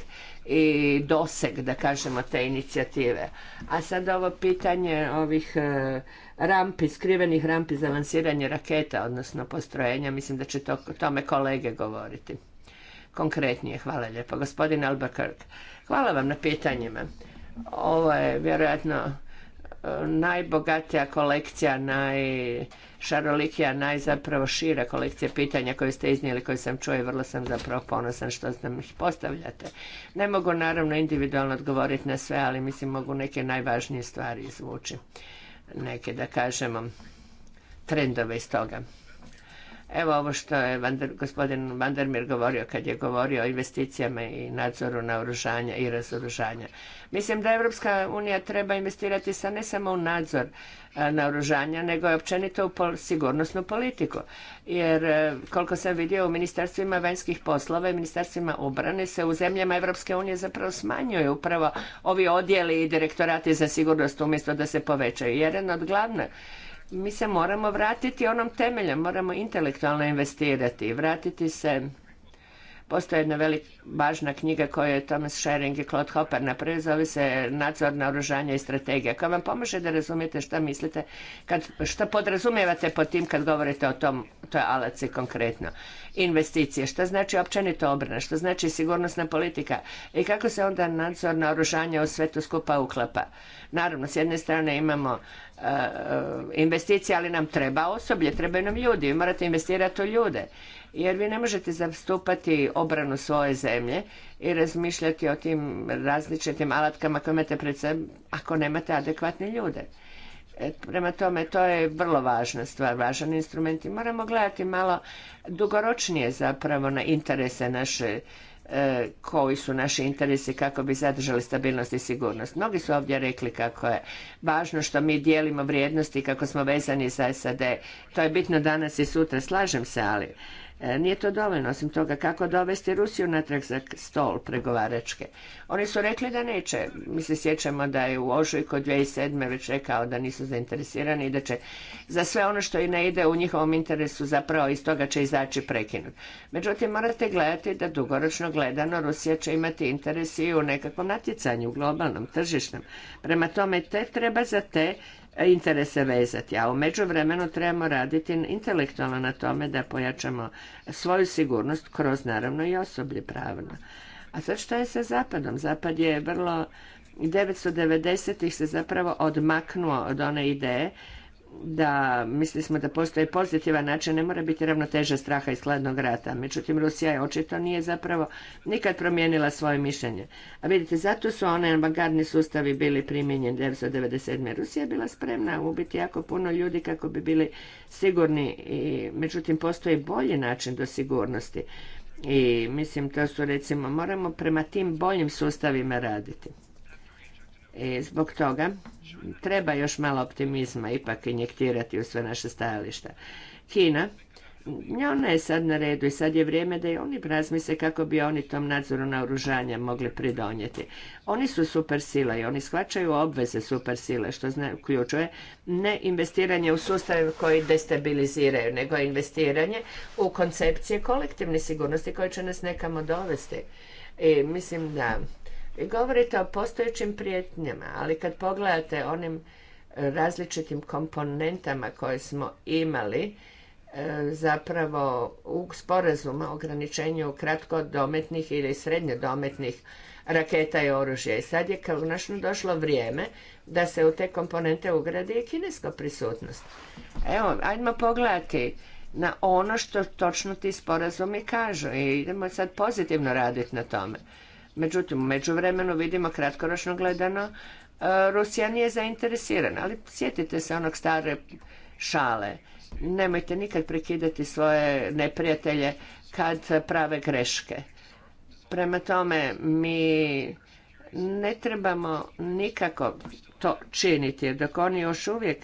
Speaker 1: i doseg, da kažemo, te inicijative. A sada ovo pitanje ovih e, rampi, skrivenih rampi za lansiranje raketa, odnosno postrojenja. Mislim da će to tome kolege govoriti. Konkretnije, hvala lijepo. Gospodin Albuquerque, hvala vam na pitanjima. Ovo je vjerojatno e, najbogatija kolekcija, najšarolikija, najzapravo šira kolekcija pitanja koje ste iznijeli, koje sam čuo i vrlo sam zapravo ponosan što nam ih postavljate. Ne mogu naravno individualno odgovoriti na sve, ali mislim mogu neke najvažnije stvari izvući neke, da kažemo, trendove iz toga. Evo ovo što je Vander, gospodin Vandermir govorio kad je govorio o investicijama i nadzoru naoružanja i razoružanja. Mislim da Europska unija treba investirati sa ne samo u nadzor E, naoružanja, nego je općenito u sigurnosnu politiku. Jer e, koliko sam vidio u ministarstvima vanjskih poslova i ministarstvima obrane se u zemljama Europske unije zapravo smanjuju upravo ovi odjeli i direktorati za sigurnost umjesto da se povećaju. Jedan od glavnih mi se moramo vratiti onom temeljem, moramo intelektualno investirati, vratiti se postoje jedna velika važna knjiga koju je Thomas Schering i Claude Hopper napravio, zove se Nadzor oružanje i strategija, koja vam pomaže da razumijete šta mislite, kad, šta podrazumijevate pod tim kad govorite o tom, toj alaci konkretno. Investicije, što znači općenito obrana, što znači sigurnosna politika i kako se onda nadzor oružanje u svetu skupa uklapa. Naravno, s jedne strane imamo e, e, investicije, ali nam treba osoblje, trebaju nam ljudi, vi morate investirati u ljude. Jer vi ne možete zastupati obranu svoje zemlje i razmišljati o tim različitim alatkama koje imate pred sebe ako nemate adekvatne ljude. E, prema tome, to je vrlo važna stvar, važan instrument i moramo gledati malo dugoročnije zapravo na interese naše e, koji su naši interesi kako bi zadržali stabilnost i sigurnost. Mnogi su ovdje rekli kako je važno što mi dijelimo vrijednosti kako smo vezani za SAD. To je bitno danas i sutra, slažem se, ali E, nije to dovoljno, osim toga kako dovesti Rusiju natrag za stol pregovaračke. Oni su rekli da neće. Mi se sjećamo da je u ožujku 2007. već rekao da nisu zainteresirani i da će za sve ono što i ne ide u njihovom interesu zapravo iz toga će izaći prekinut. Međutim, morate gledati da dugoročno gledano Rusija će imati interes i u nekakvom natjecanju, globalnom, tržišnom. Prema tome, te treba za te interese vezati. A u međuvremenu trebamo raditi intelektualno na tome da pojačamo svoju sigurnost kroz naravno i osoblje pravno. A sad što je sa Zapadom? Zapad je vrlo 990-ih se zapravo odmaknuo od one ideje da mislili smo da postoji pozitivan način, ne mora biti ravnoteža straha iz hladnog rata. Međutim, Rusija je očito nije zapravo nikad promijenila svoje mišljenje. A vidite, zato su one avangardni sustavi bili primijenjeni 1997. Rusija je bila spremna ubiti jako puno ljudi kako bi bili sigurni i međutim postoji bolji način do sigurnosti. I mislim to su recimo moramo prema tim boljim sustavima raditi. E, zbog toga treba još malo optimizma ipak injektirati u sve naše stajališta. Kina, ona je sad na redu i sad je vrijeme da i oni razmise kako bi oni tom nadzoru oružanje mogli pridonijeti. Oni su super sila i oni shvaćaju obveze super sile, što zna, uključuje ne investiranje u sustave koji destabiliziraju, nego investiranje u koncepcije kolektivne sigurnosti koje će nas nekamo dovesti. I mislim da i govorite o postojećim prijetnjama, ali kad pogledate onim različitim komponentama koje smo imali, e, zapravo u sporazuma o ograničenju kratkodometnih ili srednjodometnih raketa i oružja. I sad je konačno došlo vrijeme da se u te komponente ugradi i kineska prisutnost. Evo, ajmo pogledati na ono što točno ti sporazumi kažu i idemo sad pozitivno raditi na tome. Međutim, u međuvremenu vidimo kratkoročno gledano, e, Rusija nije zainteresirana, ali sjetite se onog stare šale. Nemojte nikad prekidati svoje neprijatelje kad prave greške. Prema tome, mi ne trebamo nikako to činiti, dok oni još uvijek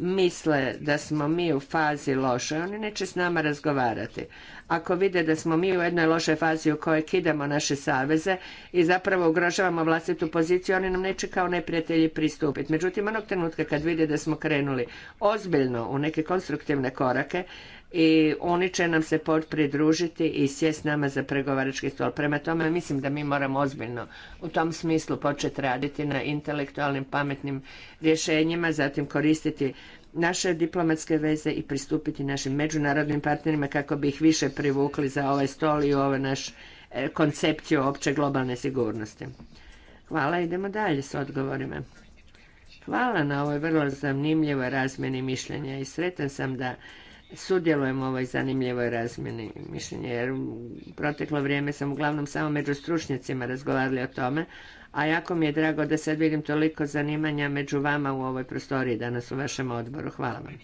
Speaker 1: misle da smo mi u fazi lošoj, oni neće s nama razgovarati. Ako vide da smo mi u jednoj lošoj fazi u kojoj kidamo naše saveze i zapravo ugrožavamo vlastitu poziciju, oni nam neće kao neprijatelji pristupiti. Međutim, onog trenutka kad vide da smo krenuli ozbiljno u neke konstruktivne korake, i oni će nam se pridružiti i sjest s nama za pregovarački stol. Prema tome mislim da mi moramo ozbiljno u tom smislu početi raditi na intelektualnim pametnim rješenjima, zatim koristiti naše diplomatske veze i pristupiti našim međunarodnim partnerima kako bi ih više privukli za ovaj stol i ovaj naš e, koncepciju opće globalne sigurnosti. Hvala, idemo dalje s odgovorima. Hvala na ovoj vrlo zanimljivoj razmjeni mišljenja i sretan sam da sudjelujem u ovoj zanimljivoj razmjeni mišljenja, jer u proteklo vrijeme sam uglavnom samo među stručnjacima razgovarali o tome, a jako mi je drago da sad vidim toliko zanimanja među vama u ovoj prostoriji danas u vašem odboru. Hvala vam.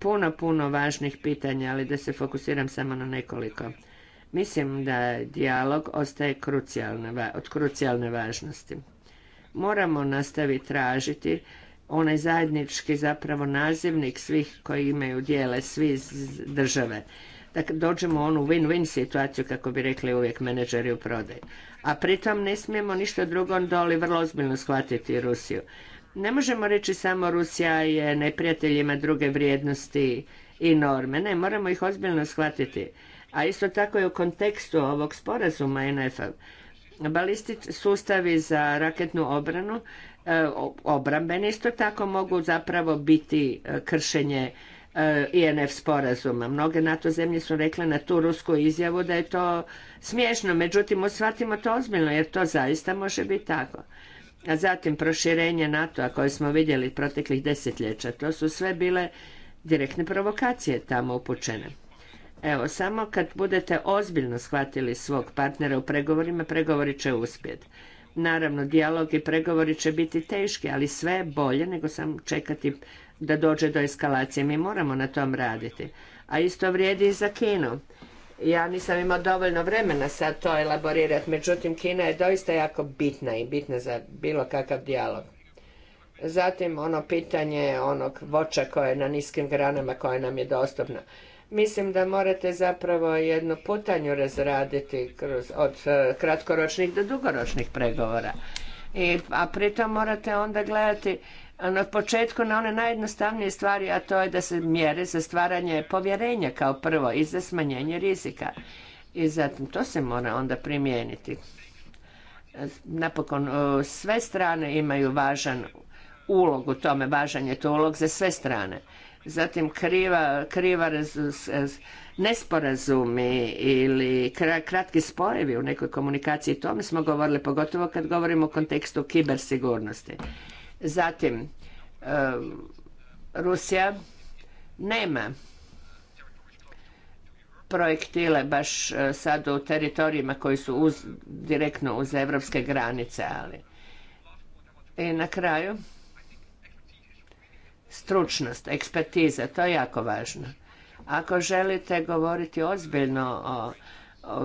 Speaker 1: Puno, puno važnih pitanja, ali da se fokusiram samo na nekoliko. Mislim da dijalog ostaje od krucijalne važnosti. Moramo nastaviti tražiti onaj zajednički zapravo nazivnik svih koji imaju dijele, svi države. Dakle, dođemo u onu win-win situaciju, kako bi rekli uvijek menedžeri u prodaju. A pritom ne smijemo ništa drugo doli vrlo ozbiljno shvatiti Rusiju. Ne možemo reći samo Rusija je neprijateljima druge vrijednosti i norme. Ne, moramo ih ozbiljno shvatiti. A isto tako je u kontekstu ovog sporazuma NF-a. sustavi za raketnu obranu E, obrambene isto tako mogu zapravo biti e, kršenje e, INF sporazuma. Mnoge NATO zemlje su rekle na tu rusku izjavu da je to smiješno, međutim shvatimo to ozbiljno jer to zaista može biti tako. A zatim proširenje NATO-a koje smo vidjeli proteklih desetljeća, to su sve bile direktne provokacije tamo upućene. Evo, samo kad budete ozbiljno shvatili svog partnera u pregovorima, pregovori će uspjeti. Naravno, dijalog i pregovori će biti teški, ali sve je bolje nego samo čekati da dođe do eskalacije. Mi moramo na tom raditi. A isto vrijedi i za Kinu. Ja nisam imao dovoljno vremena sad to elaborirati, međutim Kina je doista jako bitna i bitna za bilo kakav dijalog. Zatim ono pitanje onog voća koje je na niskim granama koje nam je dostupno. Mislim da morate zapravo jednu putanju razraditi kroz, od e, kratkoročnih do dugoročnih pregovora. I, a pritom morate onda gledati e, na početku na one najjednostavnije stvari, a to je da se mjere za stvaranje povjerenja kao prvo i za smanjenje rizika. I zatim to se mora onda primijeniti. Napokon e, sve strane imaju važan ulog u tome, važan je to ulog za sve strane zatim kriva, nesporazumi ili kratki spojevi u nekoj komunikaciji, tome smo govorili, pogotovo kad govorimo u kontekstu kibersigurnosti. Zatim, Rusija nema projektile baš e, sad u teritorijima koji su direktno uz evropske granice, ali... I na kraju, stručnost, ekspertiza, to je jako važno. Ako želite govoriti ozbiljno o,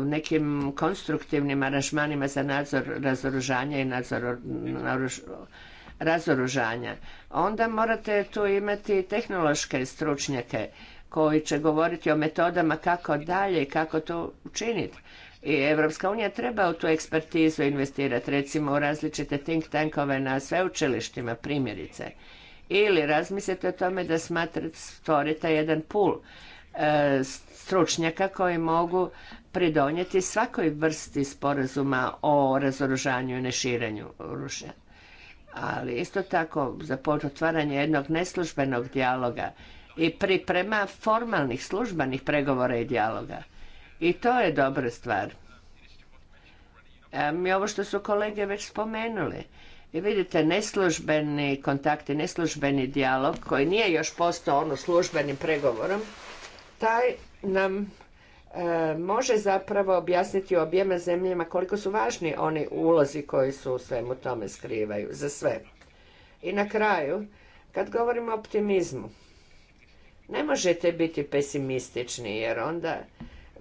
Speaker 1: nekim konstruktivnim aranžmanima za nadzor razoružanja i nadzor razoružanja, onda morate tu imati tehnološke stručnjake koji će govoriti o metodama kako dalje i kako to učiniti. I Evropska unija treba u tu ekspertizu investirati, recimo u različite think tankove na sveučilištima, primjerice. Ili razmislite o tome da smatrate, stvorite jedan pul e, stručnjaka koji mogu pridonijeti svakoj vrsti sporazuma o razoružanju i neširanju oružja. Ali isto tako za otvaranje jednog neslužbenog dijaloga i priprema formalnih službenih pregovora i dijaloga. I to je dobra stvar. E, mi ovo što su kolege već spomenuli, i vidite, neslužbeni kontakti, neslužbeni dijalog koji nije još postao ono službenim pregovorom, taj nam e, može zapravo objasniti u objema zemljama koliko su važni oni ulozi koji su u svemu tome skrivaju, za sve. I na kraju, kad govorimo o optimizmu, ne možete biti pesimistični jer onda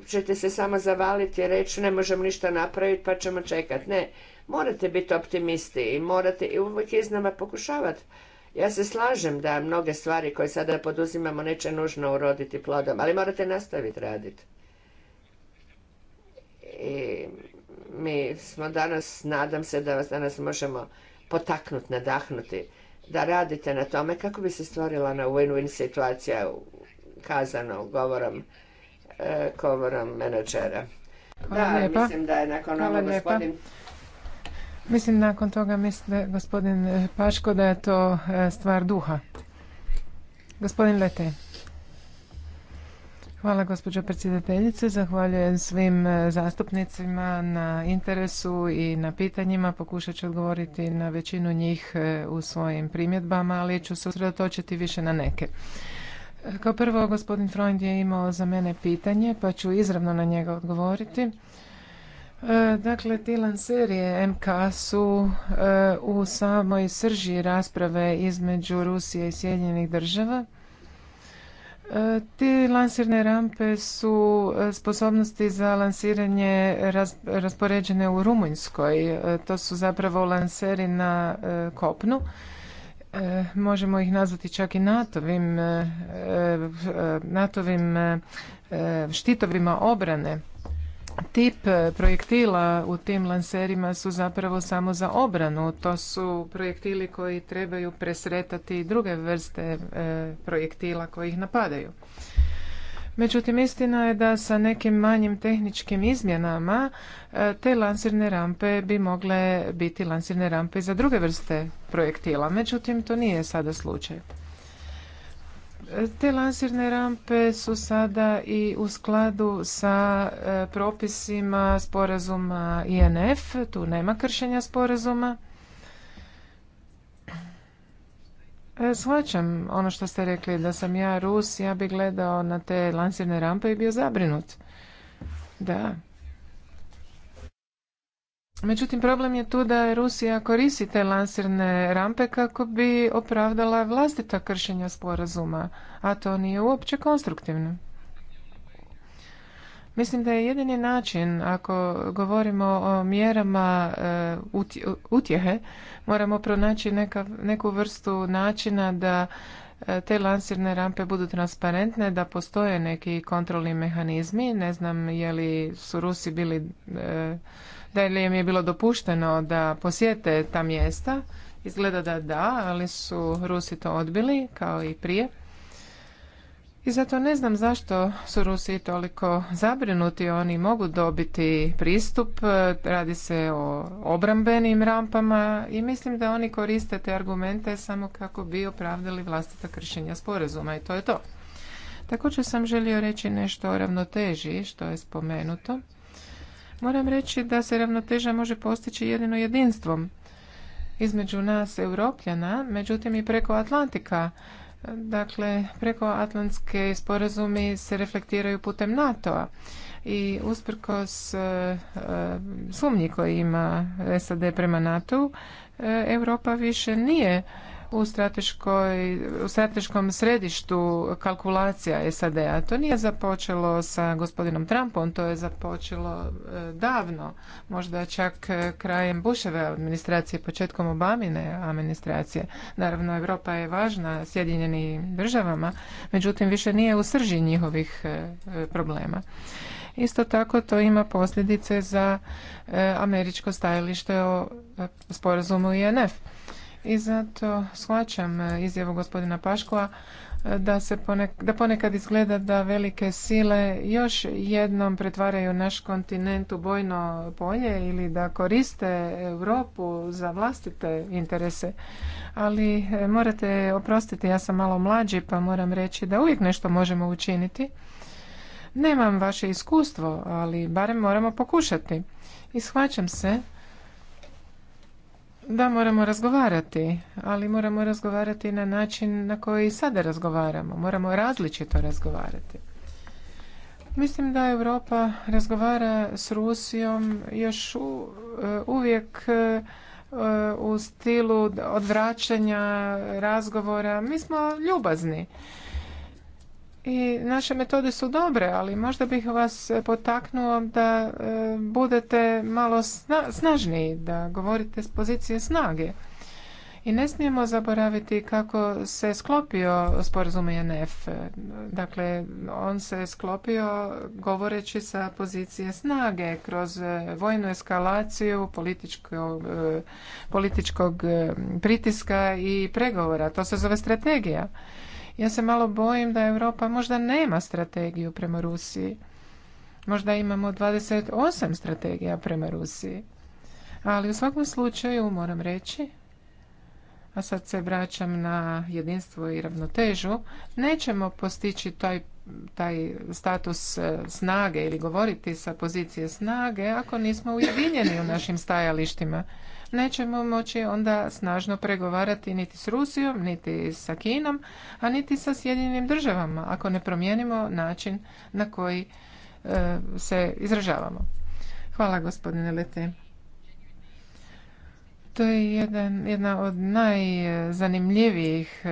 Speaker 1: ćete se samo zavaliti i reći ne možemo ništa napraviti pa ćemo čekati. Ne, morate biti optimisti i morate i uvijek iznama pokušavati. Ja se slažem da mnoge stvari koje sada poduzimamo neće nužno uroditi plodom, ali morate nastaviti raditi. I mi smo danas, nadam se da vas danas možemo potaknuti, nadahnuti, da radite na tome kako bi se stvorila na win-win situacija kazano govorom E, komorom menadžera.
Speaker 2: Hvala da, mislim da
Speaker 1: je nakon gospodin...
Speaker 2: Mislim, nakon toga misle gospodin e, Paško da je to e, stvar duha. Gospodin Lete. Hvala gospođo predsjedateljice, zahvaljujem svim zastupnicima na interesu i na pitanjima. Pokušat ću odgovoriti na većinu njih u svojim primjedbama, ali ću se usredotočiti više na neke. Kao prvo, gospodin Freund je imao za mene pitanje, pa ću izravno na njega odgovoriti. E, dakle, ti lanserije MK su e, u samoj srži rasprave između Rusije i Sjedinjenih država. E, ti lansirne rampe su sposobnosti za lansiranje raspoređene u Rumunjskoj. To su zapravo lanseri na kopnu E, možemo ih nazvati čak i natovim, e, e, natovim štitovima obrane. Tip projektila u tim lanserima su zapravo samo za obranu. To su projektili koji trebaju presretati druge vrste projektila koji ih napadaju. Međutim, istina je da sa nekim manjim tehničkim izmjenama e, te lansirne rampe bi mogle biti lansirne rampe za druge vrste projektila. Međutim, to nije sada slučaj. E, te lansirne rampe su sada i u skladu sa e, propisima sporazuma INF, tu nema kršenja sporazuma. E, shvaćam ono što ste rekli, da sam ja Rus, ja bi gledao na te lansirne rampe i bio zabrinut. Da. Međutim, problem je tu da Rusija koristi te lansirne rampe kako bi opravdala vlastita kršenja sporazuma, a to nije uopće konstruktivno. Mislim da je jedini način, ako govorimo o mjerama e, utjehe, moramo pronaći neka, neku vrstu načina da e, te lansirne rampe budu transparentne, da postoje neki kontrolni mehanizmi. Ne znam je li su Rusi bili, e, da li im je bilo dopušteno da posjete ta mjesta. Izgleda da da, ali su Rusi to odbili, kao i prije. I zato ne znam zašto su Rusi toliko zabrinuti, oni mogu dobiti pristup, e, radi se o obrambenim rampama i mislim da oni koriste te argumente samo kako bi opravdali vlastita kršenja sporazuma i to je to. Također sam želio reći nešto o ravnoteži što je spomenuto. Moram reći da se ravnoteža može postići jedino jedinstvom između nas europljana, međutim i preko Atlantika Dakle, preko atlantske sporazumi se reflektiraju putem NATO-a i usprkos e, e, sumnji koji ima SAD prema NATO-u, e, Europa više nije u, u strateškom središtu kalkulacija SAD-a. To nije započelo sa gospodinom Trumpom, to je započelo e, davno, možda čak e, krajem Buševe administracije, početkom Obamine administracije. Naravno, Europa je važna Sjedinjenim državama, međutim više nije u srži njihovih e, problema. Isto tako to ima posljedice za američko stajalište o sporazumu INF i zato shvaćam e, izjavu gospodina Paškova e, da, se ponekad, da ponekad izgleda da velike sile još jednom pretvaraju naš kontinent u bojno polje ili da koriste Europu za vlastite interese. Ali e, morate oprostiti, ja sam malo mlađi pa moram reći da uvijek nešto možemo učiniti. Nemam vaše iskustvo, ali barem moramo pokušati. I shvaćam se da, moramo razgovarati, ali moramo razgovarati na način na koji sada razgovaramo. Moramo različito razgovarati. Mislim da Europa razgovara s Rusijom još e, uvijek e, u stilu odvraćanja razgovora. Mi smo ljubazni i naše metode su dobre, ali možda bih vas potaknuo da e, budete malo snažniji, da govorite s pozicije snage. I ne smijemo zaboraviti kako se sklopio sporazum INF. Dakle, on se sklopio govoreći sa pozicije snage kroz vojnu eskalaciju političkog, e, političkog e, pritiska i pregovora. To se zove strategija. Ja se malo bojim da Europa možda nema strategiju prema Rusiji. Možda imamo 28 strategija prema Rusiji. Ali u svakom slučaju moram reći, a sad se vraćam na jedinstvo i ravnotežu, nećemo postići taj taj status e, snage ili govoriti sa pozicije snage ako nismo ujedinjeni u našim stajalištima nećemo moći onda snažno pregovarati niti s Rusijom, niti sa Kinom, a niti sa Sjedinim državama ako ne promijenimo način na koji e, se izražavamo. Hvala gospodine Lete. To je jedan, jedna od najzanimljivijih e,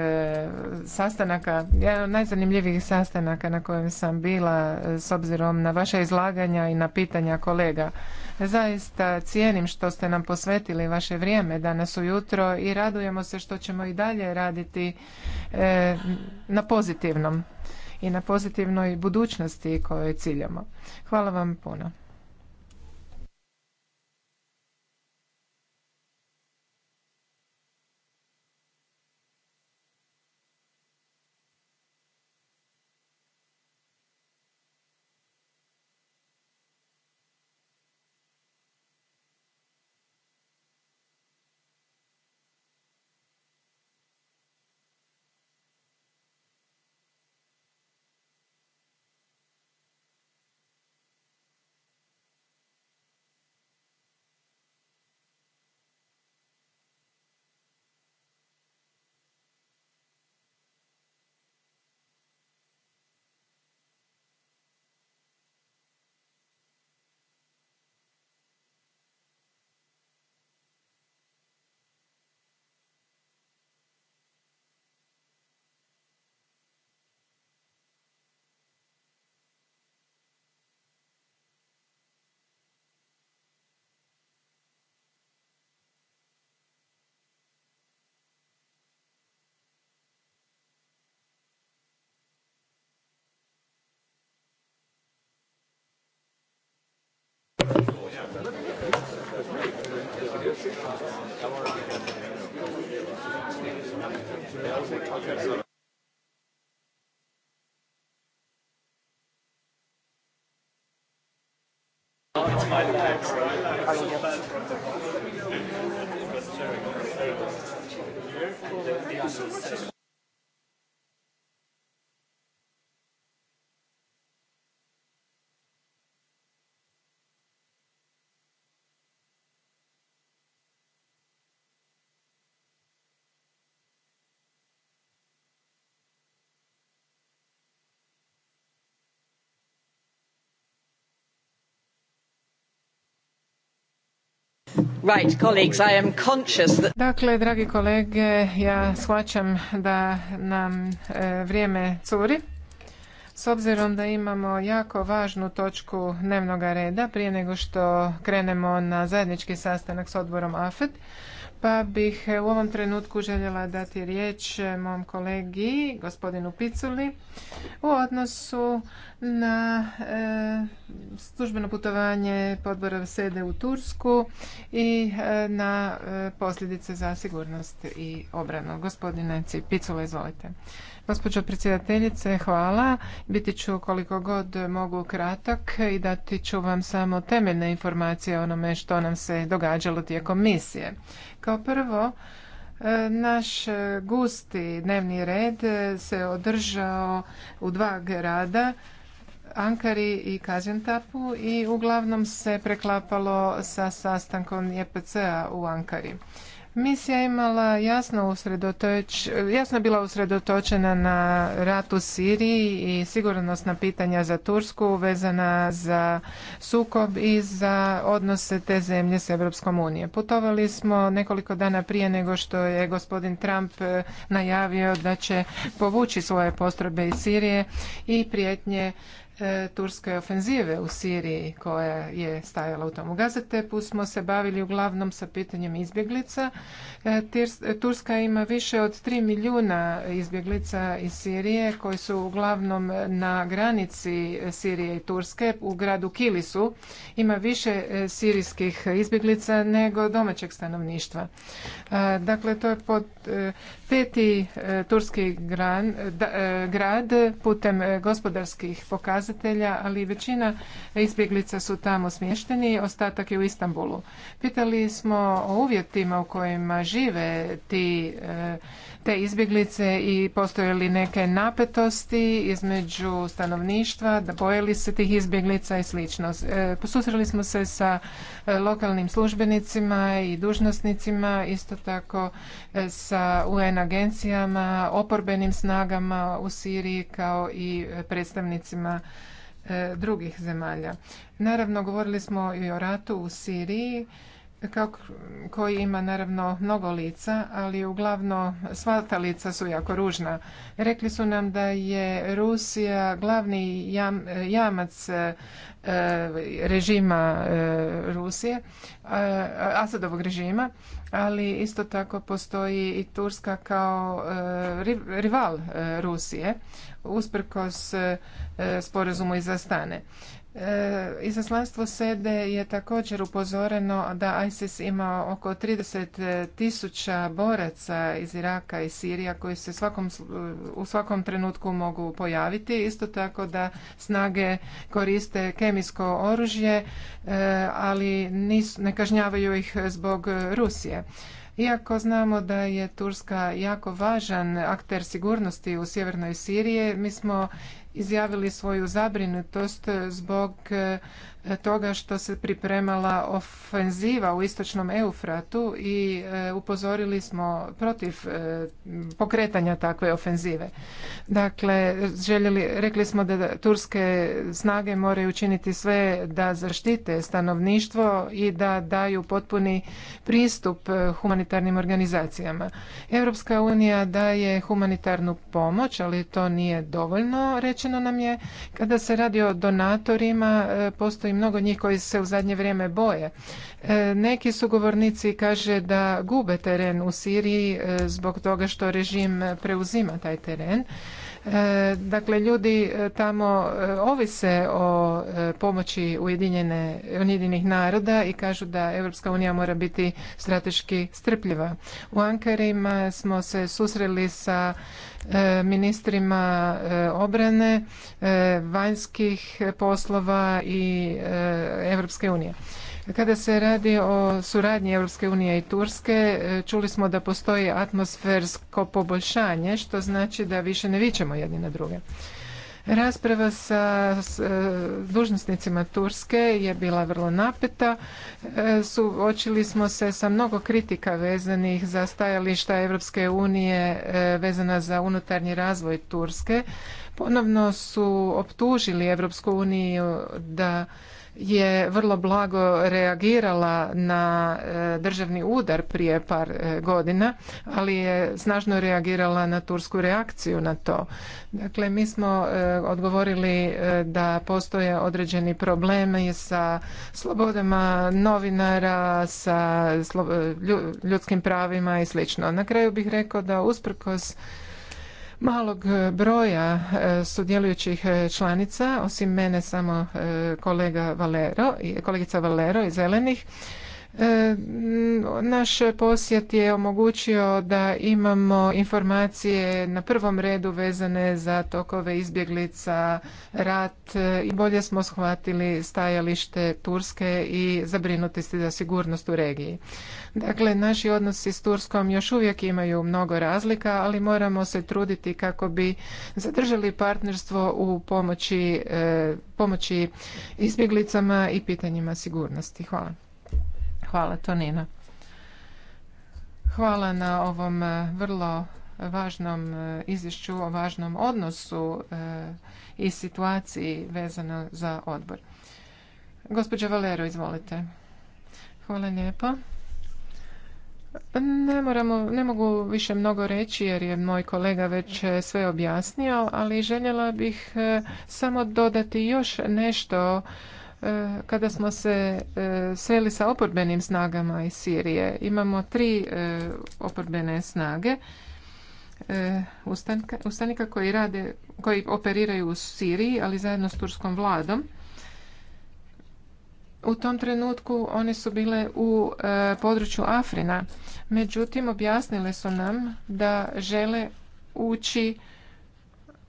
Speaker 2: sastanaka, jedan od najzanimljivijih sastanaka na kojem sam bila e, s obzirom na vaša izlaganja i na pitanja kolega. Zaista cijenim što ste nam posvetili vaše vrijeme danas ujutro i radujemo se što ćemo i dalje raditi e, na pozitivnom i na pozitivnoj budućnosti kojoj ciljamo. Hvala vam puno. Thank you so much. Dakle, dragi kolege, ja shvaćam da nam e, vrijeme curi. S obzirom da imamo jako važnu točku dnevnog reda prije nego što krenemo na zajednički sastanak s odborom AFET, pa bih e, u ovom trenutku željela dati riječ e, mom kolegi, gospodinu Piculi, u odnosu na e, službeno putovanje podbora sede u Tursku i e, na e, posljedice za sigurnost i obranu. Gospodine Cipicula, izvolite. Gospođo predsjedateljice, hvala. Biti ću koliko god mogu kratak i dati ću vam samo temeljne informacije o onome što nam se događalo tijekom misije. Kao prvo, naš gusti dnevni red se održao u dva grada Ankari i Kazentapu i uglavnom se preklapalo sa sastankom JPC-a u Ankari. Misija imala jasno, usredotoč, jasno bila usredotočena na rat u Siriji i sigurnosna pitanja za Tursku vezana za sukob i za odnose te zemlje s Europskom unije. Putovali smo nekoliko dana prije nego što je gospodin Trump e, najavio da će povući svoje postrojbe iz Sirije i prijetnje E, turske ofenzive u Siriji koja je stajala u tomu gazetepu smo se bavili uglavnom sa pitanjem izbjeglica. E, Turska ima više od 3 milijuna izbjeglica iz Sirije koji su uglavnom na granici Sirije i Turske u gradu Kilisu. Ima više e, sirijskih izbjeglica nego domaćeg stanovništva. Dakle, to je pod peti turski grad putem gospodarskih pokazatelja pokazatelja, ali većina izbjeglica su tamo smješteni, ostatak je u Istanbulu. Pitali smo o uvjetima u kojima žive ti e, te izbjeglice i postoje li neke napetosti između stanovništva, da boje se tih izbjeglica i slično. E, posusreli smo se sa e, lokalnim službenicima i dužnosnicima, isto tako e, sa UN agencijama, oporbenim snagama u Siriji kao i predstavnicima drugih zemalja. Naravno, govorili smo i o ratu u Siriji koji ima naravno mnogo lica, ali uglavno sva ta lica su jako ružna. Rekli su nam da je Rusija glavni jamac e, e, režima e, Rusije, e, Asadovog režima, ali isto tako postoji i Turska kao rival Rusije usprkos sporazumu iz Astane. Eh, izaslanstvo SEDE je također upozoreno da ISIS ima oko 30 eh, tisuća boraca iz Iraka i Sirija koji se svakom, eh, u svakom trenutku mogu pojaviti. Isto tako da snage koriste kemijsko oružje, ali ne kažnjavaju ih zbog Rusije. Iako znamo da je Turska jako važan akter sigurnosti u sjevernoj Siriji, mi smo izjavili svoju zabrinutost zbog eh, toga što se pripremala ofenziva u istočnom Eufratu i e, upozorili smo protiv e, pokretanja takve ofenzive. Dakle, željeli, rekli smo da turske snage moraju učiniti sve da zaštite stanovništvo i da daju potpuni pristup e, humanitarnim organizacijama. Europska unija daje humanitarnu pomoć, ali to nije dovoljno, rečeno nam je. Kada se radi o donatorima, postoji mnogo njih koji se u zadnje vrijeme boje. E, neki sugovornici kaže da gube teren u Siriji e, zbog toga što režim preuzima taj teren E, dakle, ljudi e, tamo e, ovise o pomoći Ujedinjene, Ujedinjenih naroda i kažu da Evropska unija mora biti strateški strpljiva. U Ankarima smo se susreli sa ministrima obrane, vanjskih poslova i Evropske unije. Kada se radi o suradnji Europske unije i Turske, e, čuli smo da postoji atmosfersko poboljšanje, što znači da više ne vičemo jedni na druge. Rasprava sa e, dužnosnicima Turske je bila vrlo napeta. E, Suočili smo se sa mnogo kritika vezanih za stajališta Europske unije vezana za unutarnji razvoj Turske. Ponovno su optužili Europsku uniju da je vrlo blago reagirala na e, državni udar prije par e, godina, ali je snažno reagirala na tursku reakciju na to. Dakle, mi smo e, odgovorili da postoje određeni problemi sa slobodama novinara, sa ljudskim pravima i slično. Na kraju bih rekao da usprkos malog e, broja e, sudjelujućih e, članica, osim mene samo kolega Valero, kolegica Valero iz Zelenih, E, naš posjet je omogućio da imamo informacije na prvom redu vezane za tokove izbjeglica, rat e, i bolje smo shvatili stajalište Turske i zabrinutosti za sigurnost u regiji. Dakle, naši odnosi s Turskom još uvijek imaju mnogo razlika, ali moramo se truditi kako bi zadržali partnerstvo u pomoći, e, pomoći izbjeglicama i pitanjima sigurnosti. Hvala. Hvala Tonina. Hvala na ovom e, vrlo važnom e, izvješću o važnom odnosu e, i situaciji vezano za odbor. Gospođa Valero, izvolite. Hvala lijepo. Ne, moramo, ne mogu više mnogo reći jer je moj kolega već sve objasnio, ali željela bih samo dodati još nešto E, kada smo se e, sreli sa oporbenim snagama iz Sirije. Imamo tri e, oporbene snage ustanika koji rade, koji operiraju u Siriji, ali zajedno s turskom vladom. U tom trenutku one su bile u području Afrina. Međutim, objasnile su nam da žele ući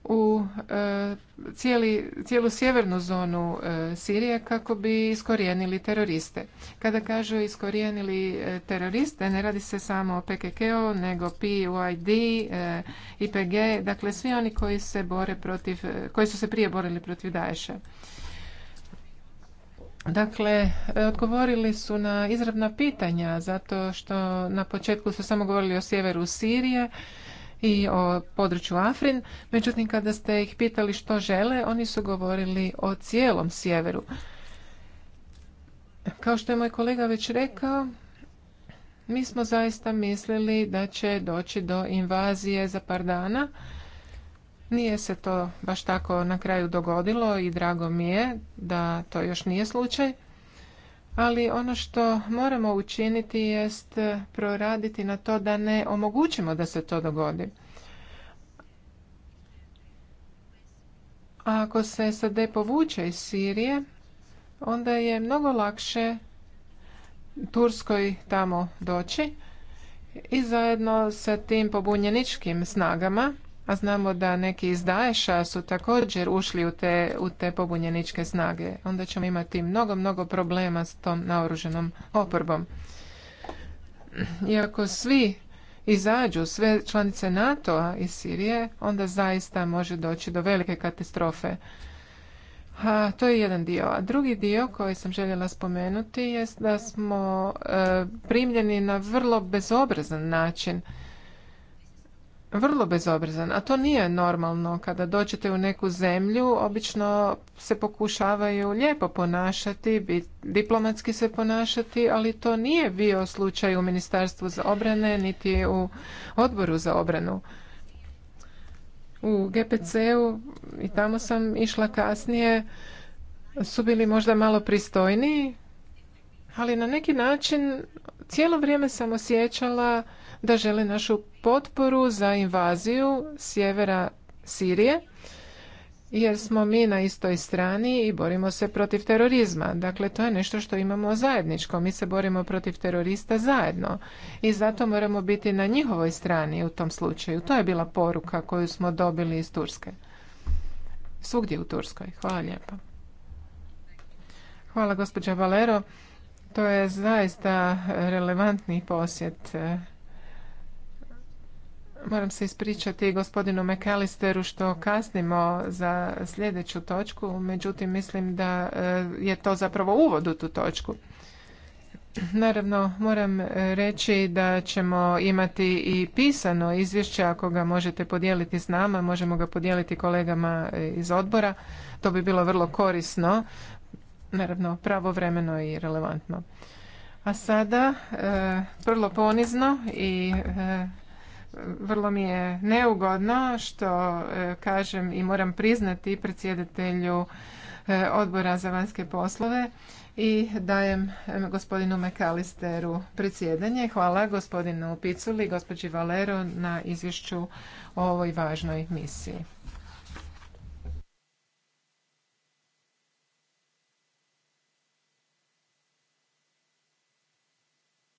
Speaker 2: u e, cijeli, cijelu sjevernu zonu e, Sirije kako bi iskorijenili teroriste. Kada kažu iskorijenili e, teroriste, ne radi se samo o PKK-u, nego PYD, IPG, dakle svi oni koji se bore protiv, koji su se prije borili protiv Daesha. Dakle, odgovorili su na izravna pitanja zato što na početku su samo govorili o sjeveru Sirije, i o području Afrin. Međutim, kada ste ih pitali što žele, oni su govorili o cijelom sjeveru. Kao što je moj kolega već rekao, mi smo zaista mislili da će doći do invazije za par dana. Nije se to baš tako na kraju dogodilo i drago mi je da to još nije slučaj ali ono što moramo učiniti jest proraditi na to da ne omogućimo da se to dogodi. ako se SAD povuče iz Sirije, onda je mnogo lakše Turskoj tamo doći i zajedno sa tim pobunjeničkim snagama a znamo da neki iz Daesha su također ušli u te, u te pobunjeničke snage. Onda ćemo imati mnogo, mnogo problema s tom naoruženom oporbom. Iako svi izađu, sve članice NATO-a iz Sirije, onda zaista može doći do velike katastrofe. A, to je jedan dio. A drugi dio koji sam željela spomenuti jest da smo e, primljeni na vrlo bezobrazan način vrlo bezobrazan, a to nije normalno. Kada dođete u neku zemlju, obično se pokušavaju lijepo ponašati, diplomatski se ponašati, ali to nije bio slučaj u Ministarstvu za obrane niti u Odboru za obranu. U GPC-u i tamo sam išla kasnije, su bili možda malo pristojniji, ali na neki način cijelo vrijeme sam osjećala da žele našu potporu za invaziju sjevera Sirije jer smo mi na istoj strani i borimo se protiv terorizma. Dakle, to je nešto što imamo zajedničko. Mi se borimo protiv terorista zajedno i zato moramo biti na njihovoj strani u tom slučaju. To je bila poruka koju smo dobili iz Turske. Svugdje u Turskoj. Hvala lijepo. Hvala gospođa Valero. To je zaista relevantni posjet eh, Moram se ispričati gospodinu McAllisteru što kasnimo za sljedeću točku, međutim mislim da e, je to zapravo uvod u tu točku. Naravno, moram reći da ćemo imati i pisano izvješće, ako ga možete podijeliti s nama, možemo ga podijeliti kolegama e, iz odbora. To bi bilo vrlo korisno, naravno pravovremeno i relevantno. A sada, e, vrlo ponizno i vrlo mi je neugodno što e, kažem i moram priznati predsjedatelju e, odbora za vanjske poslove i dajem e, gospodinu Mekalisteru predsjedanje. Hvala gospodinu Piculi i gospođi Valero na izvješću o ovoj važnoj misiji.